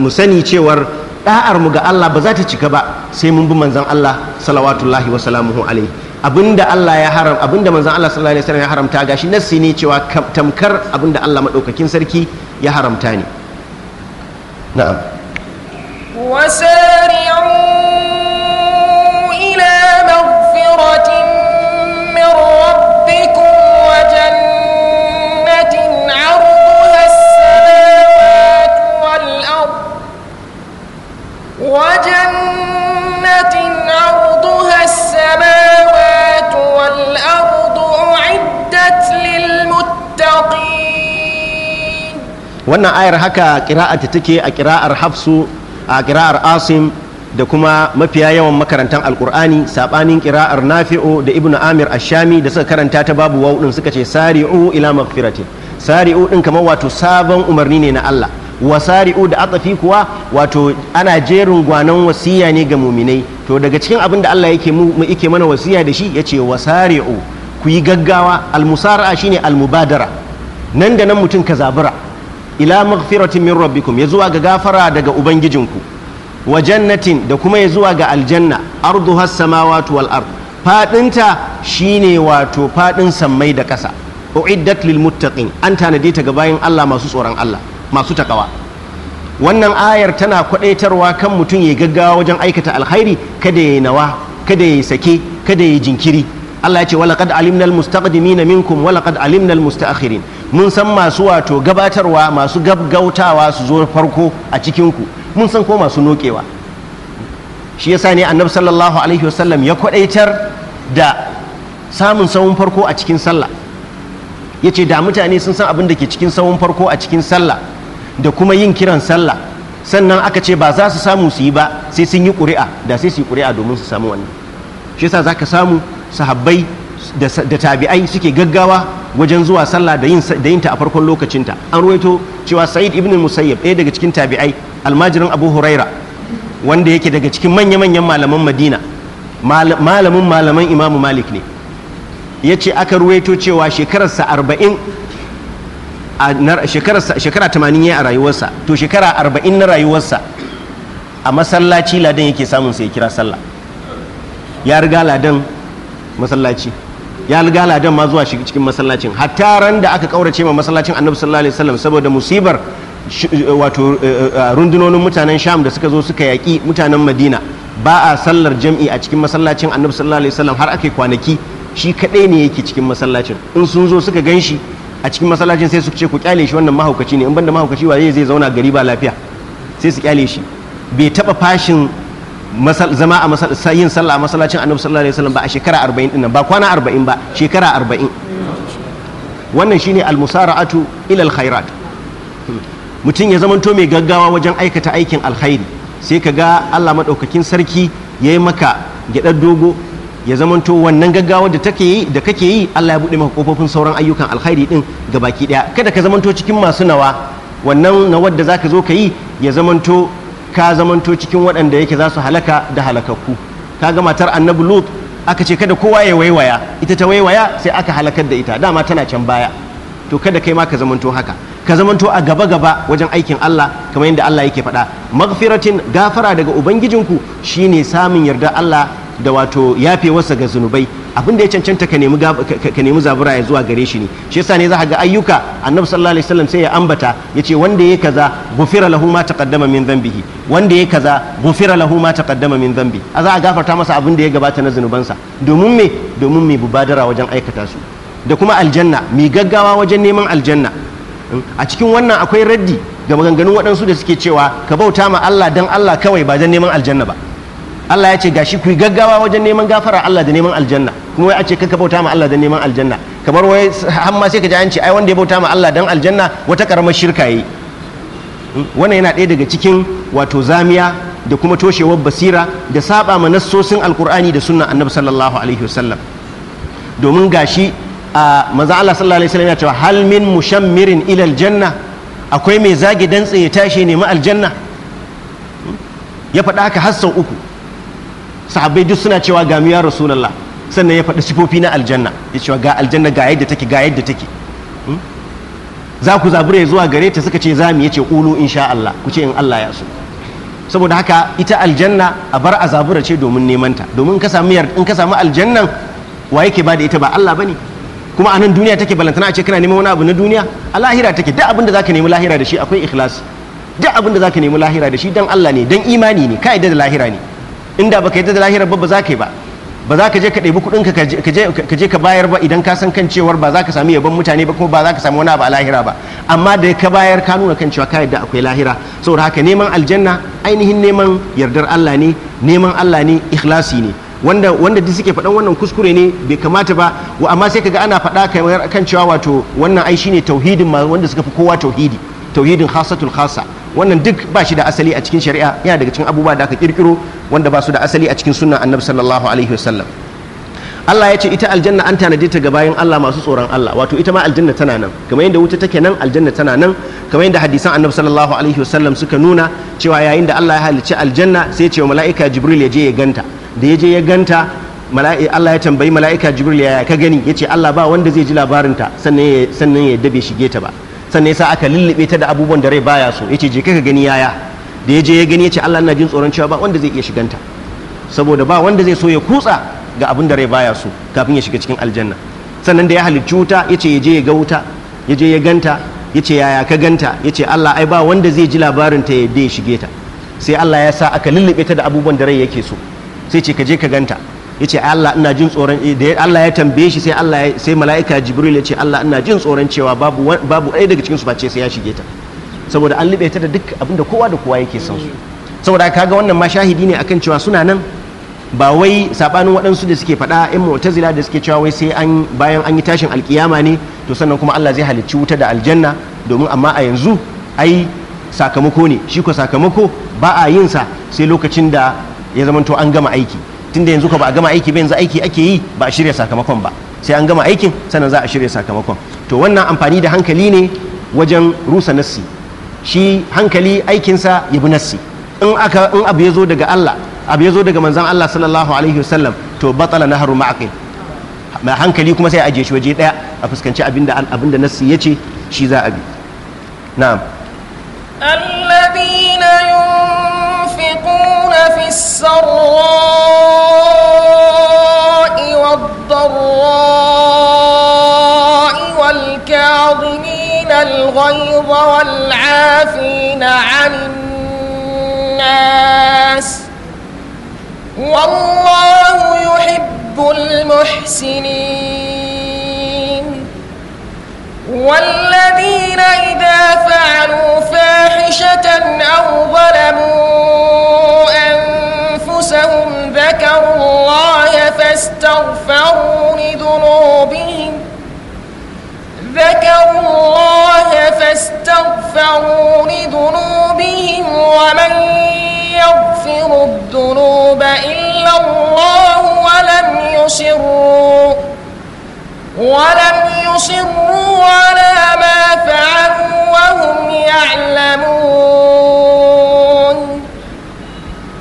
mu sani cewar da'ar mu ga allah ba za ta cika ba sai mun bi manzon allah salawatullahi wa salamuhu alaihi abinda Allah ya haram abinda manzon Allah sallallahu alaihi wasallam ya haramta gashi nassi ne cewa tamkar abinda Allah madaukakin sarki ya haramta ne na'am وسارعوا إلى مغفرة من ربكم وجنة عرضها السماوات والأرض وجنة عرضها السماوات والأرض أعدت للمتقين wannan ayar haka ƙira'ata take a ƙira'ar hafsu a kira'ar asim da kuma mafiya yawan makarantar alkur'ani saɓanin kira'ar nafi'u da ibnu amir ashami da suka karanta ta babu wawu ɗin suka ce sari'u ila magfiratin sari'u ɗin kamar wato sabon umarni ne na Allah wa sari'u da atsafi kuwa wato ana jerin gwanon wasiya ne ga muminai to daga cikin abin da Allah yake mu yake mana wasiya da shi yace wa sari'u ku yi gaggawa almusara'a shine almubadara nan da nan mutum ka zabura ila maghfiratin min rabbikum ya zuwa ga gafara daga ubangijinku wa jannatin da kuma ya zuwa ga aljanna ardu samawati wal ard fadinta shine wato fadin sammai da ƙasa uiddat lil muttaqin an tanade ta ga bayan Allah masu tsoron Allah masu takawa wannan ayar tana kwadaitarwa kan mutum ya gaggawa wajen aikata alkhairi kada ya nawa kada ya sake kada ya jinkiri Allah ya ce walaqad alimnal mustaqdimina minkum walaqad alimnal mustaakhirin mun san masu wato gabatarwa masu gabgautawa su zo farko a cikinku mun san ko masu nokewa shi yasa ne annabi sallallahu alaihi wasallam ya kwadaitar da samun sawun farko a cikin sallah ya ce da mutane sun san abin da ke cikin sawun farko a cikin sallah da kuma yin kiran sallah sannan aka ce ba za su samu su yi ba sai sun yi ƙuri'a da sai su yi ƙuri'a domin su samu wannan shi yasa za ka samu sahabbai da tabi'ai suke gaggawa wajen zuwa sallah da yin ta a farkon lokacinta an ruwaito cewa sa'id ibn musayyab ɗaya daga cikin tabi'ai almajirin abu huraira wanda yake daga cikin manya-manyan malaman madina malamin malaman imamu malik ne ya ce aka ruwaito cewa shekararsa arba'in shekara tamanin ya a rayuwarsa to shekara arba'in na rayuwarsa a masallaci ladan yake samun sai kira sallah ya riga ladan masallaci ya riga dan ma zuwa shiga cikin masallacin hatta ran da aka kaurace ma masallacin annabi sallallahu alaihi wasallam saboda musibar eh, wato eh, eh, rundunonin mutanen sham da suka zo suka yaƙi mutanen madina ba a sallar jam'i a cikin masallacin annabi sallallahu alaihi wasallam har ake kwanaki shi kadai ne yake cikin masallacin in sun zo suka gan shi a cikin masallacin sai su ce ku kyale shi wannan mahaukaci ne in banda mahaukaci wa zai zauna gari ba lafiya sai su kyale shi bai taba fashin zama a masallacin yin sallah a masallacin annabi sallallahu alaihi wasallam ba a shekara 40 dinnan ba kwana 40 ba shekara 40 wannan shine musara'atu ila khairat mutum ya zamanto mai gaggawa wajen aikata aikin alkhairi sai ka ga Allah madaukakin sarki yayi maka gyadar dogo ya zamanto wannan gaggawa da take yi da kake yi Allah ya bude maka kofofin sauran ayyukan alkhairi din ga baki daya kada ka zamanto cikin masu nawa wannan nawar da zaka zo ka yi ya zamanto ka zamanto cikin waɗanda yake za su halaka da halakakku ka ga matar annabi lut aka ce kada kowa ya waiwaya ita ta waiwaya sai aka halakar da ita dama tana can baya to kada kai ma ka zamanto haka ka zamanto a gaba gaba wajen aikin Allah kamar yadda Allah yake faɗa magfiratin gafara daga ubangijinku shine samun yarda Allah da wato yafewarsa ga zunubai abin da ya cancanta ka nemi ka zabura ya zuwa gare shi ne shi yasa ne za ga ayyuka annabi sallallahu alaihi wasallam sai ya ambata ya ce wanda ya kaza gufira lahu ma taqaddama min dhanbihi wanda ya kaza gufira lahu ma taqaddama min dhanbi a za a gafarta masa abin da ya gabata na zunubansa domin me domin me bubadara wajen aikata su da kuma aljanna mi gaggawa wajen neman aljanna hmm? a cikin wannan akwai raddi ga maganganun waɗansu da suke cewa ka bauta ma Allah dan Allah kawai ba dan neman aljanna ba Allah ya ce gashi ku gaggawa wajen neman gafara Allah da neman aljanna kuma wai a ce kaka bauta ma Allah da neman aljanna kamar wai har sai ka ji an ce ai wanda ya bauta ma Allah dan aljanna wata karamar shirka yi hmm? wannan yana ɗaya daga cikin wato zamiya da kuma toshewar basira da saba ma nassosin alkur'ani da sunnan annabi sallallahu alaihi wasallam domin gashi a manzo Allah sallallahu alaihi wasallam ya ce hal min mushammirin ila aljanna akwai mai zagi dantse ya tashi nemi aljanna hmm? ya faɗa haka har uku sahabbai duk suna cewa ga ya rasulallah sannan ya faɗi sifofi na aljanna ya cewa ga aljanna ga yadda take ga yadda take hmm? za ku zabura zuwa gare ta suka ce za ce yace in insha Allah ku ce in Allah ya so saboda haka ita aljanna a bar a zabura ce domin neman ta domin ka samu in ka samu aljannan wa yake bada ita ba Allah bane kuma a nan duniya take balantana a ce kana neman wani abu na duniya a lahira take duk abin da zaka nemi lahira da shi akwai ikhlas duk abin da zaka nemi lahira da shi dan Allah ne dan imani ne kai da lahira ne inda baka yadda da lahirar ba ba za ka yi ba ba za ka je ka ɗebi kuɗin ka je ka bayar ba idan ka san kan cewar ba za ka sami yabon mutane ba kuma ba za ka sami wani abu a lahira ba amma da ka bayar ka nuna kan cewa ka yadda akwai lahira saboda haka neman aljanna ainihin neman yardar Allah ne neman Allah ne ikhlasi ne wanda wanda duk suke faɗan wannan kuskure ne bai kamata ba wa amma sai kaga ana faɗa kan cewa wato wannan ai ne tauhidin ma wanda suka fi kowa tauhidi tauhidin khasatul khasa wannan duk ba shi da asali a cikin shari'a yana daga cikin abubuwa da aka kirkiro wanda ba su da asali a cikin sunna annabi sallallahu alaihi wasallam Allah ya ce ita aljanna an tanadi ta ga bayan Allah masu tsoron Allah wato ita ma aljanna tana nan kamar yadda wuta take nan aljanna tana nan kamar yadda hadisan annabi sallallahu alaihi wasallam suka nuna cewa yayin da Allah ya halicci aljanna sai ya ce mala'ika jibril ya je ya ganta da ya je ya ganta Allah ya tambayi mala'ika jibril ya ka gani ya ce Allah ba wanda zai ji labarinta sannan ya dabe shige ta ba sannan sa aka lullube ta da abubuwan da rai baya so yace je ka gani yaya da ya je ya gani yace Allah ina jin tsoron cewa ba wanda zai iya shiganta saboda ba wanda zai so ya kutsa ga abin da rai baya so kafin ya shiga cikin aljanna sannan da ya halicci wuta yace ya je ya ga wuta ya je ya ganta yace yaya ka ganta yace Allah ai ba wanda zai ji labarin ta yadda ya shige ta sai Allah ya sa aka lullube ta da abubuwan da rai yake so sai ce ka je ka ganta yace Allah ina jin tsoron eh, da Allah ya tambaye shi sai Allah sai mala'ika Jibril ce Allah ina jin tsoron cewa babu babu ɗaya daga cikin su face sai ya shige ta saboda an libe ta da duk abinda kowa da kowa yake son su saboda kaga wannan ma shahidi ne akan cewa suna nan ba wai sabanin waɗansu da suke faɗa in mu'tazila da suke cewa wai sai an bayan an yi tashin alkiyama ne to sannan kuma Allah zai halicci wuta da aljanna domin amma a yanzu ai sakamako ne shi ko sakamako ba a yin sa sai lokacin da ya zamanto an gama aiki tunda yanzu ka ba a gama aiki ba yanzu aiki ake yi ba a shirya sakamakon ba sai an gama aikin sannan za a shirya sakamakon to wannan amfani da hankali ne wajen rusa nassi shi hankali aikinsa ya bi nassi in aka in abu ya zo daga Allah abu ya zo daga manzon Allah sallallahu alaihi wasallam to batala naharu ma'aqil ma hankali kuma sai a ajiye shi waje daya a fuskanci abinda abinda nassi yace shi za a bi na'am alladhina yunfiqun في السراء والضراء والكاظمين الغيظ والعافين عن الناس والله يحب المحسنين والذين إذا فعلوا فاحشة أو ظلموا فاستغفروا لذنوبهم ذكروا الله فاستغفروا لذنوبهم ومن يغفر الذنوب إلا الله ولم يصروا ولم يصروا على ما فعلوا وهم يعلمون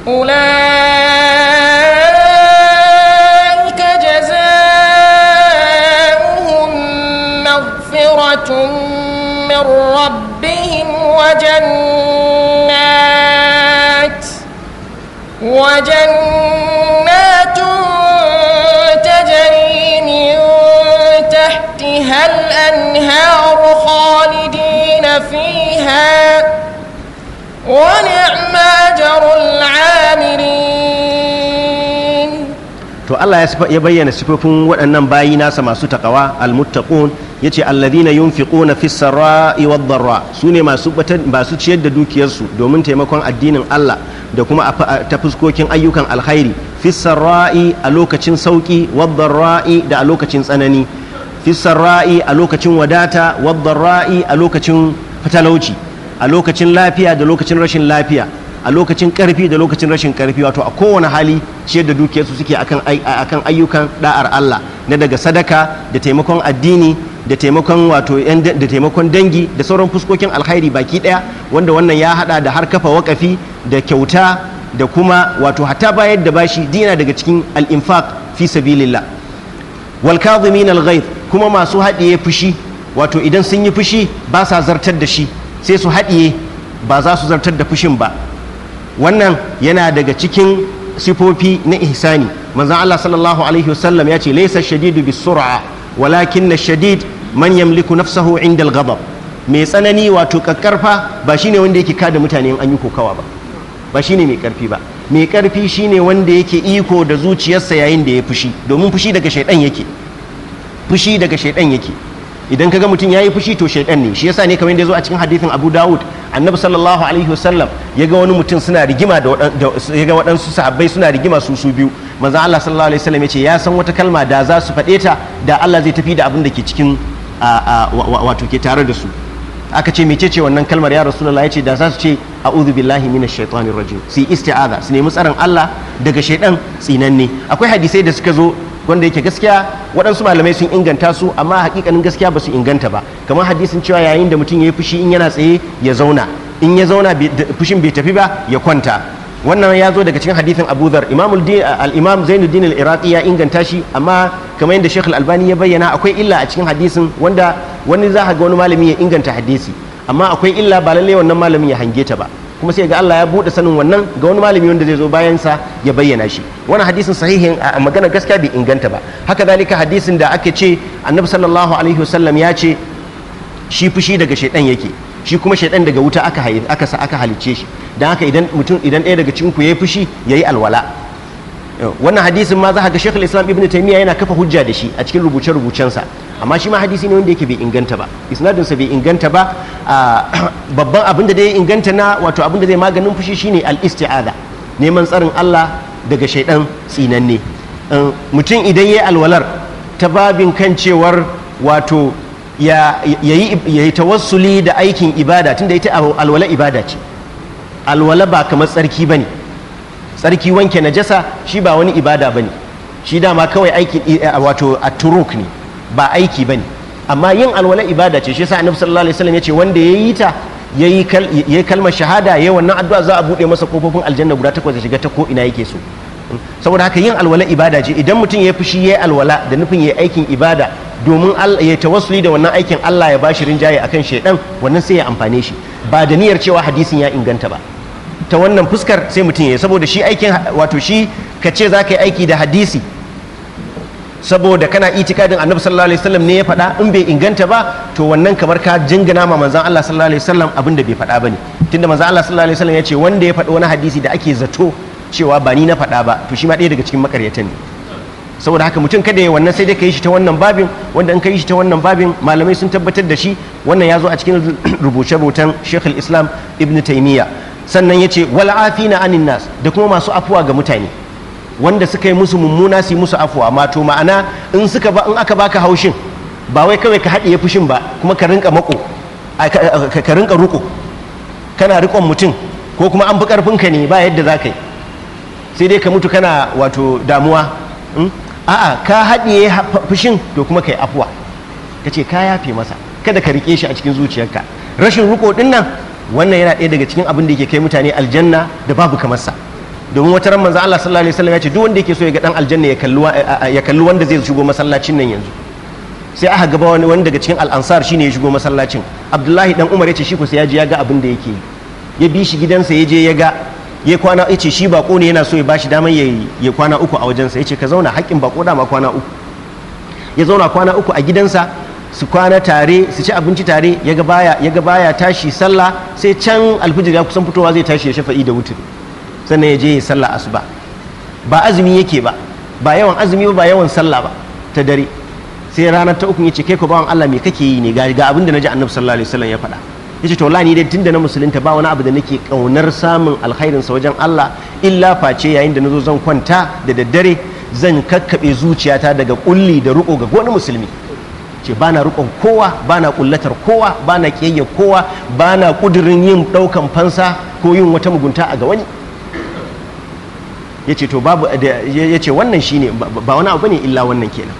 أولئك وجنات وجنات تجري من تحتها الأنهار خالدين فيها ونعم أجر العاملين to Allah ya bayyana sifofin waɗannan bayi nasa masu takawa almuttaqun yace alladhina yunfiquna fis sarai wad darra sune masu masu ciyar da dukiyarsu domin taimakon addinin Allah da kuma ta fuskokin ayyukan alkhairi fis sarai a lokacin sauki wad darra'i da a lokacin tsanani fis sarai a lokacin wadata wad darra'i a lokacin talauci a lokacin lafiya da lokacin rashin lafiya a lokacin karfi da lokacin rashin karfi wato a kowane hali ciyar da dukiyarsu suke akan ayyukan da'ar Allah na daga sadaka da taimakon addini da taimakon wato da taimakon dangi da sauran fuskokin alkhairi baki ɗaya wanda wannan ya hada da har kafa wakafi da kyauta da kuma wato hatta bayar da bashi dina daga cikin al-infaq fi sabilillah wal kadhimin al kuma masu haɗiye fushi wato idan sun yi fushi ba sa zartar da shi sai su haɗiye ba za su zartar da fushin ba wannan yana daga cikin sifofi na ihsani manzon Allah sallallahu alaihi wasallam ya ce laysa shadidu bisur'a walakin shadid man yamliku nafsahu inda al-ghadab mai tsanani wato kakkarfa ba shine wanda yake kada mutane an yi kokawa ba ba shine mai karfi ba mai karfi shine wanda yake iko da zuciyarsa yayin da ya fushi domin fushi daga shaidan yake fushi daga shaidan yake idan kaga mutum yayi fushi to shaidan ne shi yasa ne kamar yadda zo a cikin hadisin Abu Dawud annabi sallallahu alaihi wasallam ya ga wani mutum suna rigima da ya ga waɗansu sahabbai suna rigima su su biyu manzon Allah sallallahu alaihi wasallam ya ce ya san wata kalma da za su faɗe ta da Allah zai tafi da abin da ke cikin wato ke tare da su aka ce ce wannan kalmar ya rasulullah ya ce da za su ce a'udhu billahi minash shaitanir rajim su isti'aza su nemi tsaron Allah daga shaidan tsinanne akwai hadisai da suka zo wanda yake gaskiya waɗansu malamai sun inganta su amma hakikanin gaskiya ba su inganta ba kamar hadisin cewa yayin da mutum ya yi fushi in yana tsaye ya zauna in ya zauna fushin bai tafi ba ya kwanta wannan ya zo daga cikin hadisin abu imam al-imam zainuddin al-iraqi ya inganta shi amma kamar yadda shekul albani ya bayyana akwai illa a cikin hadisin wanda wani za ga wani malami ya inganta hadisi amma akwai illa ba lallai wannan malamin ya hange ta ba kuma sai ga Allah ya bude sanin wannan ga wani malami wanda zai zo bayan sa ya bayyana shi wannan hadisin sahihin a magana gaskiya bai inganta ba haka dalika hadisin da aka ce annabi sallallahu alaihi wasallam ya ce shi fushi daga shaidan yake shi kuma shaidan daga wuta aka haye aka sa aka halicce shi dan haka idan mutum idan ɗaya daga cikin ku yayi fushi yayi alwala wannan hadisin ma za ka ga Sheikhul Islam Ibn Taymiyyah yana kafa hujja da shi a cikin rubuce-rubucensa amma shi ma hadisi ne wanda yake bai inganta ba isnadinsa bai inganta ba [CLEARS THROAT] babban abin da zai inganta na wato abin da zai maganin fushi shine al istiadha neman tsarin Allah daga shaidan tsinanne mutum idan yayi alwalar ta babin kan cewar wato ya yi tawassuli da aikin ibada tunda ita alwala ibada ce alwala ba kamar tsarki bane tsarki wanke najasa shi ba wani ibada bane shi dama kawai aikin eh, wato a ne ba aiki ba ne amma yin alwala ibada ce shi yasa annabi sallallahu alaihi wasallam yace wanda yayi ta yayi kal yayi kalmar shahada yayi wannan addu'a za a bude masa kofofin aljanna guda takwas ya shiga ta ko ina yake so saboda haka yin alwala ibada ce idan mutum ya fushi yayi alwala da nufin yayi aikin ibada domin ya tawassuli da wannan aikin Allah ya bashi rinjaye akan shaidan wannan sai ya amfane shi ba da niyyar cewa hadisin ya inganta ba ta wannan fuskar sai mutum ya saboda shi aikin wato shi ka ce za ka yi aiki da hadisi saboda kana itikadin annabi sallallahu alaihi wasallam ne ya faɗa in bai inganta ba to wannan kamar ka jingina ma manzon Allah sallallahu alaihi wasallam abin da bai faɗa bane tunda manzon Allah sallallahu alaihi wasallam ya ce wanda ya faɗi wani hadisi da ake zato cewa ba ni na faɗa ba to shi ma ɗaya daga cikin makaryatan ne saboda haka mutum kada ya wannan sai dai ka yi shi ta wannan babin wanda in ka yi shi ta wannan babin malamai sun tabbatar da shi wannan ya zo a cikin [COUGHS] rubuce rubutan Sheikh islam Ibn Taymiyyah sannan ya ce wal afina anin nas da kuma masu afuwa ga mutane wanda suka yi musu mummuna su yi musu afuwa mato ma'ana in suka ba in aka baka haushin ba wai kawai ka haɗiye fushin ba kuma ka rinka mako ka rinka ruko kana rikon mutum ko kuma an fi ƙarfinka ne ba yadda za ka yi sai dai ka mutu kana wato damuwa hmm? a'a ka haɗiye fushin to kuma ka yi afuwa ka ce ka yafe masa kada ka rike shi a cikin zuciyarka rashin ruko ɗin nan wannan yana ɗaya daga cikin abin da yake kai mutane aljanna da babu kamarsa domin wata ran manzo Allah sallallahu alaihi wasallam ya ce duk wanda yake so ya ga dan aljanna ya kalli ya kalli wanda zai shigo masallacin nan yanzu sai aka gaba wani wani daga cikin al-ansar shine ya shigo masallacin Abdullahi dan Umar ya ce shi ko sai ya ji ya ga abin da yake ya bi shi gidansa ya je ya ga ya kwana ya ce shi bako ne yana so ya bashi daman ya ya kwana uku a wajensa ya ce ka zauna haƙƙin bako dama kwana uku ya zauna kwana uku a gidansa su kwana tare su ci abinci tare ya ga baya ya baya tashi sallah sai can alfijir ya kusan fitowa zai tashi ya shafa'i da wuturi sannan ya je ya sallah asuba ba azumi yake ba ba yawan azumi ba yawan sallah ba ta dare sai ranar ta uku yace kai ko bawan Allah me kake yi ne ga abin da naji Annabi sallallahu alaihi wasallam ya faɗa yace to wallahi ni dai tunda na musulunta ba wani abu da nake kaunar samun alkhairin sa wajen Allah illa face yayin da nazo zan kwanta da daddare zan kakkabe zuciyata daga kulli da ruko ga wani musulmi ce ba na rukon kowa ba na kullatar kowa ba na kiyayya kowa ba na kudirin yin daukan fansa ko yin wata mugunta a ga wani ce to babu ce wannan shine ba wani abu ne illa wannan kenan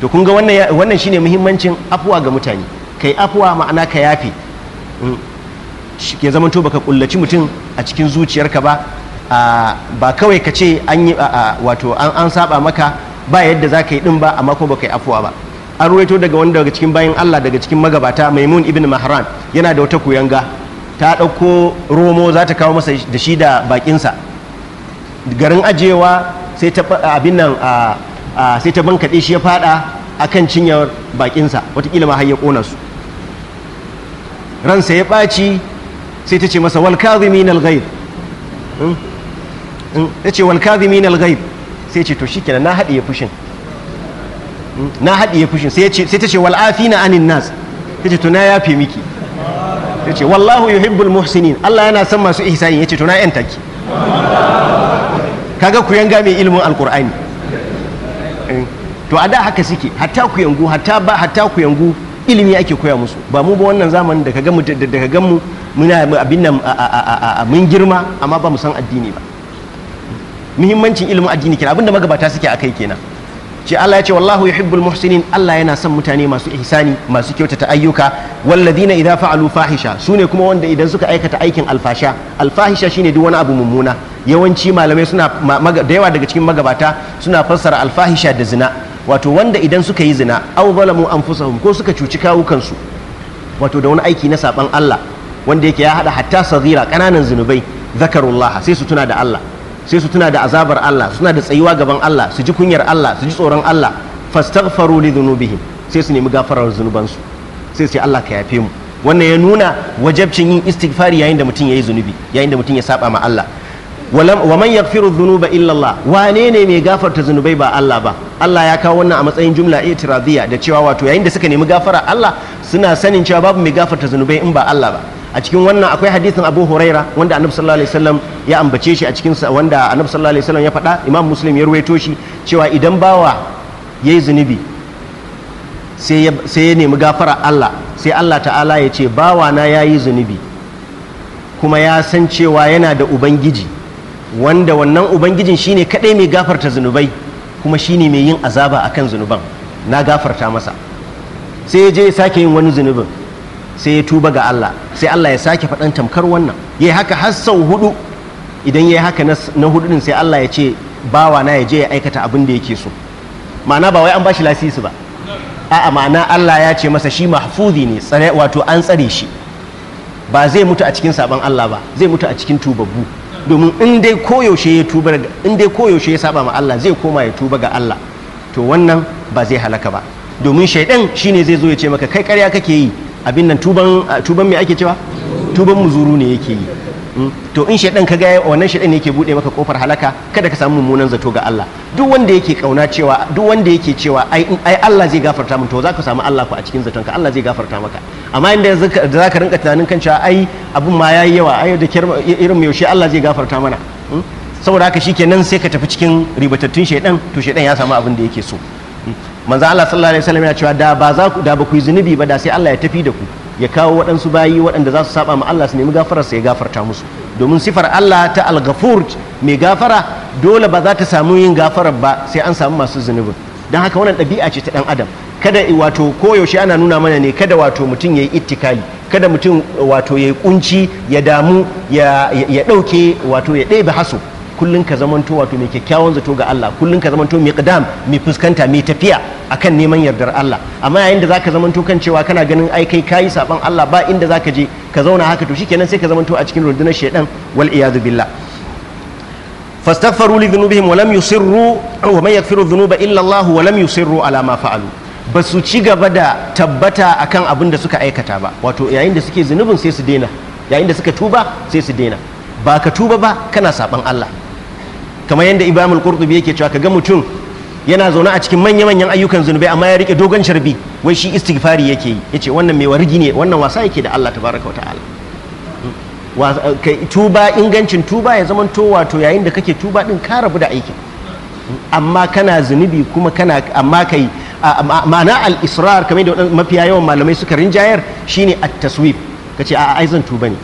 to kun ga wannan shi shine muhimmancin afuwa ga mutane kai afuwa ma'ana ka yafe mm. ke zama to baka kullaci mutum a cikin zuciyarka ba ba kawai ka ce an yi wato an saba maka ba yadda za ka yi din ba amma kuma baka yi afuwa ba an ruwaito daga wanda daga cikin bayan Allah daga cikin magabata Maimun ibn Mahran yana da wata kuyanga ta ɗauko romo za ta kawo masa da shi da bakinsa garin ajewa sai ta abin nan sai ta banka shi ya fada kan cinyar bakinsa watakila ma har ya kona su ransa ya ɓaci sai ta ce masa wal kadhimin al ghaib hmm? Hmm? ta ce wal kadhimin al ghaib sai ce to shikenan na haɗiye fushin hmm? na haɗiye fushin sai ta ce wal na anin nas ta ce to na yafe miki ta ce wallahu yuhibbul muhsinin Allah yana son masu ihsani ya ce to na yanta ki kaga ku yanga mai ilimin alkur'ani eh, to a da haka suke hatta ku yangu hatta ba hatta ku yangu ilimi ake koya musu ba mu ba wannan zamanin da kaga mu da kaga mu muna abin nan mun girma amma ba mu san addini ba muhimmancin ilimin addini kenan abinda magabata suke akai kenan shi Allah ya ce wallahu yuhibbul muhsinin Allah yana son mutane masu ihsani masu kyautata ayyuka walladina idza fa'alu fahisha sune kuma wanda idan suka aikata aikin alfasha alfahisha shine duk wani abu mummuna yawanci malamai suna da yawa daga cikin magabata suna fassara alfahisha da zina wato wanda idan suka yi zina aw zalamu anfusahum ko suka cuci kawukansu wato da wani aiki na saban Allah wanda yake ya hada hatta sagira kananan zinubai zakarullah sai su tuna da Allah sai su tuna da azabar Allah suna da tsayuwa gaban Allah su ji kunyar Allah su ji tsoron Allah fastaghfaru li dhunubihim sai su nemi gafarar zunubansu sai sai Allah ka yafe mu wannan ya nuna wajabcin yin istighfari yayin da mutum yayi zunubi yayin da mutum ya saba ma Allah wa man yaghfiru dhunuba illa Allah wane ne mai gafarta zunubai ba Allah ba Allah ya kawo wannan a matsayin jumla itiradiyya da cewa wato yayin da suka nemi gafara Allah suna sanin cewa babu mai gafarta zunubai in ba Allah ba a cikin wannan akwai hadithin abu huraira wanda annabi sallallahu alaihi wasallam ya ambace shi a cikin wanda annabi sallallahu alaihi wasallam ya faɗa imam muslim ya ruwaito shi cewa idan bawa yayi zunubi sai ya nemi gafara Allah sai Allah ta'ala ya ce bawa na yayi zunubi kuma ya san cewa yana da ubangiji wanda wannan ubangijin shine kadai mai gafarta zunubai kuma shine mai yin azaba akan zunuban na gafarta masa sai ya je sake yin wani zunubin sai ya tuba ga Allah sai Allah ya sake faɗan tamkar wannan ya haka har sau hudu idan yayi haka na hudu din sai Allah ya ce bawa na ya je ya aikata abin da yake so ma'ana ba wai an bashi lasisi ba a'a ma'ana Allah ya ce masa shi mahfuzi ne tsare wato an tsare shi ba zai mutu a cikin saban Allah ba zai mutu a cikin tubabbu domin in dai koyaushe ya tuba in dai koyaushe ya saba ma Allah zai koma ya tuba ga Allah to wannan ba zai halaka ba domin shaidan shine zai zo ya ce maka kai karya kake yi abin nan tuban mai ake cewa tuban muzuru ne yake yi hmm? to in shaidan ka gaya wannan shaidan ne yake bude maka kofar halaka kada ka samu mummunan zato ga Allah duk wanda yake kauna cewa duk wanda yake cewa ai Allah zai gafarta mun to zaka samu Allah ku a cikin zaton ka Allah zai gafarta maka amma inda zaka rinka tunanin kan cewa ai abun ma yayi yawa ai da irin mai yaushe Allah zai gafarta mana hmm? saboda haka shikenan sai ka tafi cikin ribatattun shaidan to shaidan ya samu abin da yake so manzo Allah sallallahu alaihi wasallam ya cewa da ba za ku da ba ku yi zunubi ba da sai Allah ya tafi da ku ya kawo waɗansu bayi waɗanda za su saba ma Allah su nemi gafarar sa ya gafarta musu domin sifar Allah ta al-ghafur mai gafara dole ba za ta samu yin gafarar ba sai an samu masu zunubin dan haka wannan ɗabi'a ce ta dan adam kada wato koyaushe ana nuna mana ne kada wato mutum ya yi ittikali kada mutum wato ya kunci ya damu ya ɗauke wato ya ɗebe haso kullun ka zamanto wato mai kyakkyawan zato ga Allah kullun ka zamanto mai qidam mai fuskanta mai tafiya akan neman yardar Allah amma yayin da zaka zamanto kan cewa kana ganin ai kai kai saban Allah ba inda zaka je ka zauna haka to shikenan sai ka zamanto a cikin rundunar shaydan wal iyad billah fastaghfaru li dhunubihim wa lam yusirru wa man yaghfiru dhunuba illa Allah wa lam yusirru ala ma fa'alu ba su ci gaba da tabbata akan abin da suka aikata ba wato yayin da suke zunubin sai su daina yayin da suka tuba sai su daina ba ka tuba ba kana saban Allah kamar yadda Ibrahim al yake cewa kaga mutum yana zaune a cikin manya-manyan ayyukan zunubai amma ya rike dogon sharbi wai shi istighfari yake yi Ya ce wannan mai wargi ne wannan wasa yake da Allah tabaraka wa ta'ala tuba ingancin tuba ya zama to wato yayin da kake tuba din ka rabu da aikin amma kana zunubi kuma kana amma kai ma'ana al-israr kamar da mafiya yawan malamai suka rinjayar shine at-taswib kace a aizan tuba ne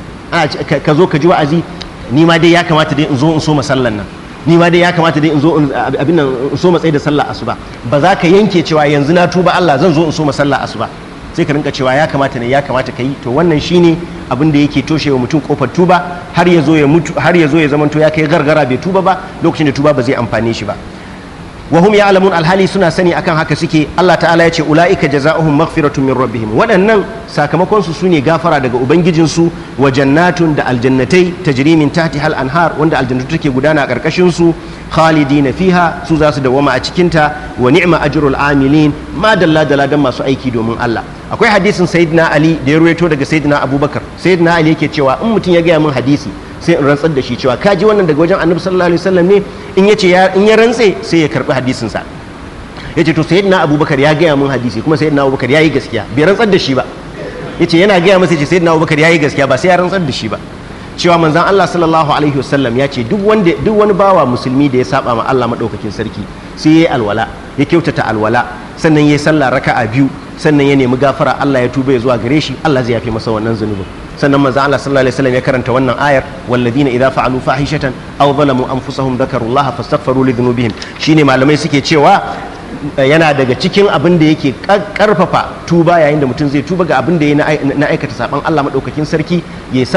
ka zo ka ji wa'azi ni ma dai ya kamata dai in zo in so masallan nan ni ma dai ya kamata dai in zo abin nan in so matsayi da sallah asuba ba za ka yanke cewa yanzu na tuba Allah zan zo in so sallah asuba sai ka rinka cewa ya kamata ne ya kamata ka yi to wannan shine abin da yake toshewa mutum kofar tuba har ya zo ya mutu har ya zo ya zamanto ya kai gargara bai tuba ba lokacin da tuba ba zai amfane shi ba wa hum ya'lamun alhali suna sani akan haka suke Allah ta'ala ya ce ulaika jazaohum maghfiratun min rabbihim waɗannan sakamakon su sune gafara daga ubangijin su wa jannatun da aljannatai tajri min tahtiha hal anhar wanda aljannatu take gudana a karkashin su khalidina fiha su zasu da wama a cikin ta wa ni'ma ajrul amilin ma dalla dalla dan masu aiki domin Allah akwai hadisin sayyidina Ali da ya ruwaito daga sayyidina Abubakar sayyidina Ali yake cewa in mutum ya gaya min hadisi sai in rantsar da shi cewa ka ji wannan daga wajen annabi sallallahu alaihi wasallam ne in yace in ya rantse sai ya karbi hadisin sa yace to sayyidina abubakar ya gaya mun hadisi kuma sayyidina abubakar yayi gaskiya bai rantsar da shi ba yace yana gaya masa yace sayyidina abubakar yayi gaskiya ba sai ya rantsar da shi ba cewa manzon Allah sallallahu alaihi wasallam ya ce duk wanda duk wani bawa musulmi da ya saba ma Allah madaukakin sarki sai yayi alwala ya kyautata alwala sannan yayi sallah raka'a biyu sannan ya nemi gafara Allah ya tuba ya zuwa gare shi Allah zai yafe masa wannan zunubin sannan manzo Allah sallallahu alaihi wasallam ya karanta wannan ayar walladina idza fa'alu fahishatan aw zalamu anfusahum dhakarullaha fastaghfiru li dhunubihim shine malamai suke cewa eh, yana daga cikin abin da yake karfafa tuba yayin da mutum zai tuba ga abin da ya na aikata saban Allah madaukakin sarki ya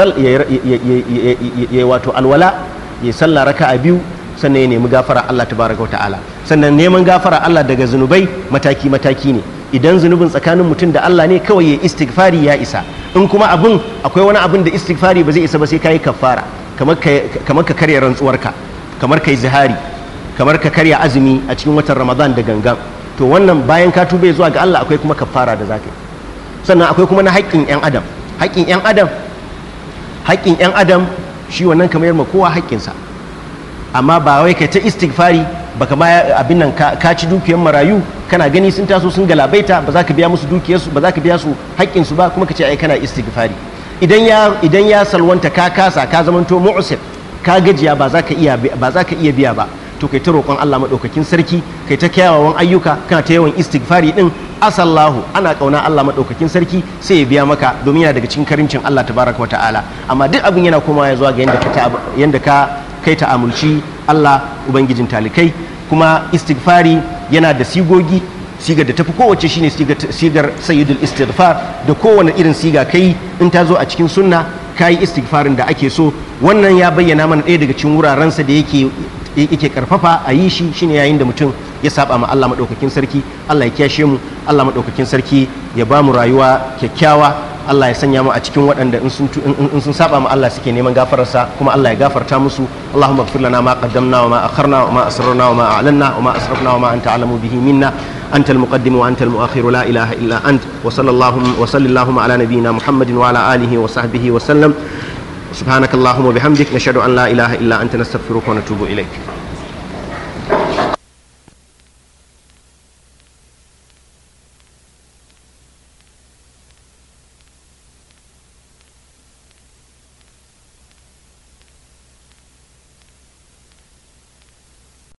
wato alwala ya salla raka a biyu sannan ya nemi gafara Allah tabaraka wa ta'ala sannan neman gafara Allah daga zunubai mataki mataki ne idan zunubin tsakanin mutum da Allah ne kawai ya istighfari ya isa in kuma abin akwai wani abin da istighfari ba zai isa ba sai kayi kafara kamar ka karya rantsuwarka kamar kai zihari kamar ka karya azumi a cikin watan ramadan da gangan to wannan bayan ka tube zuwa ga Allah akwai kuma kafara da zaka yi sannan akwai kuma na haƙƙin yan adam haƙƙin yan adam haƙƙin yan adam shi wannan kamar ma kowa haƙƙinsa amma ba wai kai ta istighfari baka ma abin nan ka ci dukiyar marayu kana gani sun taso sun galabaita ba za ka biya musu dukiyarsu ba za ka biya su haƙƙin ba kuma ka ce ai kana istighfari idan ya idan ya salwanta ka kasa ka zamanto mu'sib ka gajiya ba za ka iya ba za ka iya biya ba to kai ta roƙon Allah madaukakin sarki kai ta kyawawan ayyuka kana ta yawan istighfari din asallahu ana ƙauna Allah maɗaukakin sarki sai ya biya maka domin yana daga cikin karincin Allah tabaraka wa ta'ala amma duk abin yana komawa ya zuwa ga yanda ka kai ta amulci Allah ubangijin talikai kuma istighfari yana da sigogi sigar da tafi kowace shine sigar sayyidul istighfar da kowane irin siga kai in ta zo a cikin sunna kayi istighfarin da ake so wannan ya bayyana mana ɗaya daga cikin wurarensa da yake yake karfafa a yi shi shine yayin da mutum ya saba ma Allah madaukakin sarki Allah ya kiyashe mu Allah madaukakin sarki ya ba mu rayuwa kyakkyawa Allah ya sanya mu a cikin waɗanda in sun saba ma Allah suke neman gafararsa kuma Allah ya gafarta musu Allahumma ighfir lana ma qaddamna wa ma akharna wa ma asrarna wa ma a'lanna wa ma asrafna wa ma anta alamu bihi minna anta al-muqaddim wa anta al la ilaha illa ant wa sallallahu wa sallallahu ala nabiyyina Muhammadin wa ala alihi wa sahbihi wa sallam subhanakallahumma bihamdik nashhadu an la ilaha illa anta nastaghfiruka wa natubu ilayk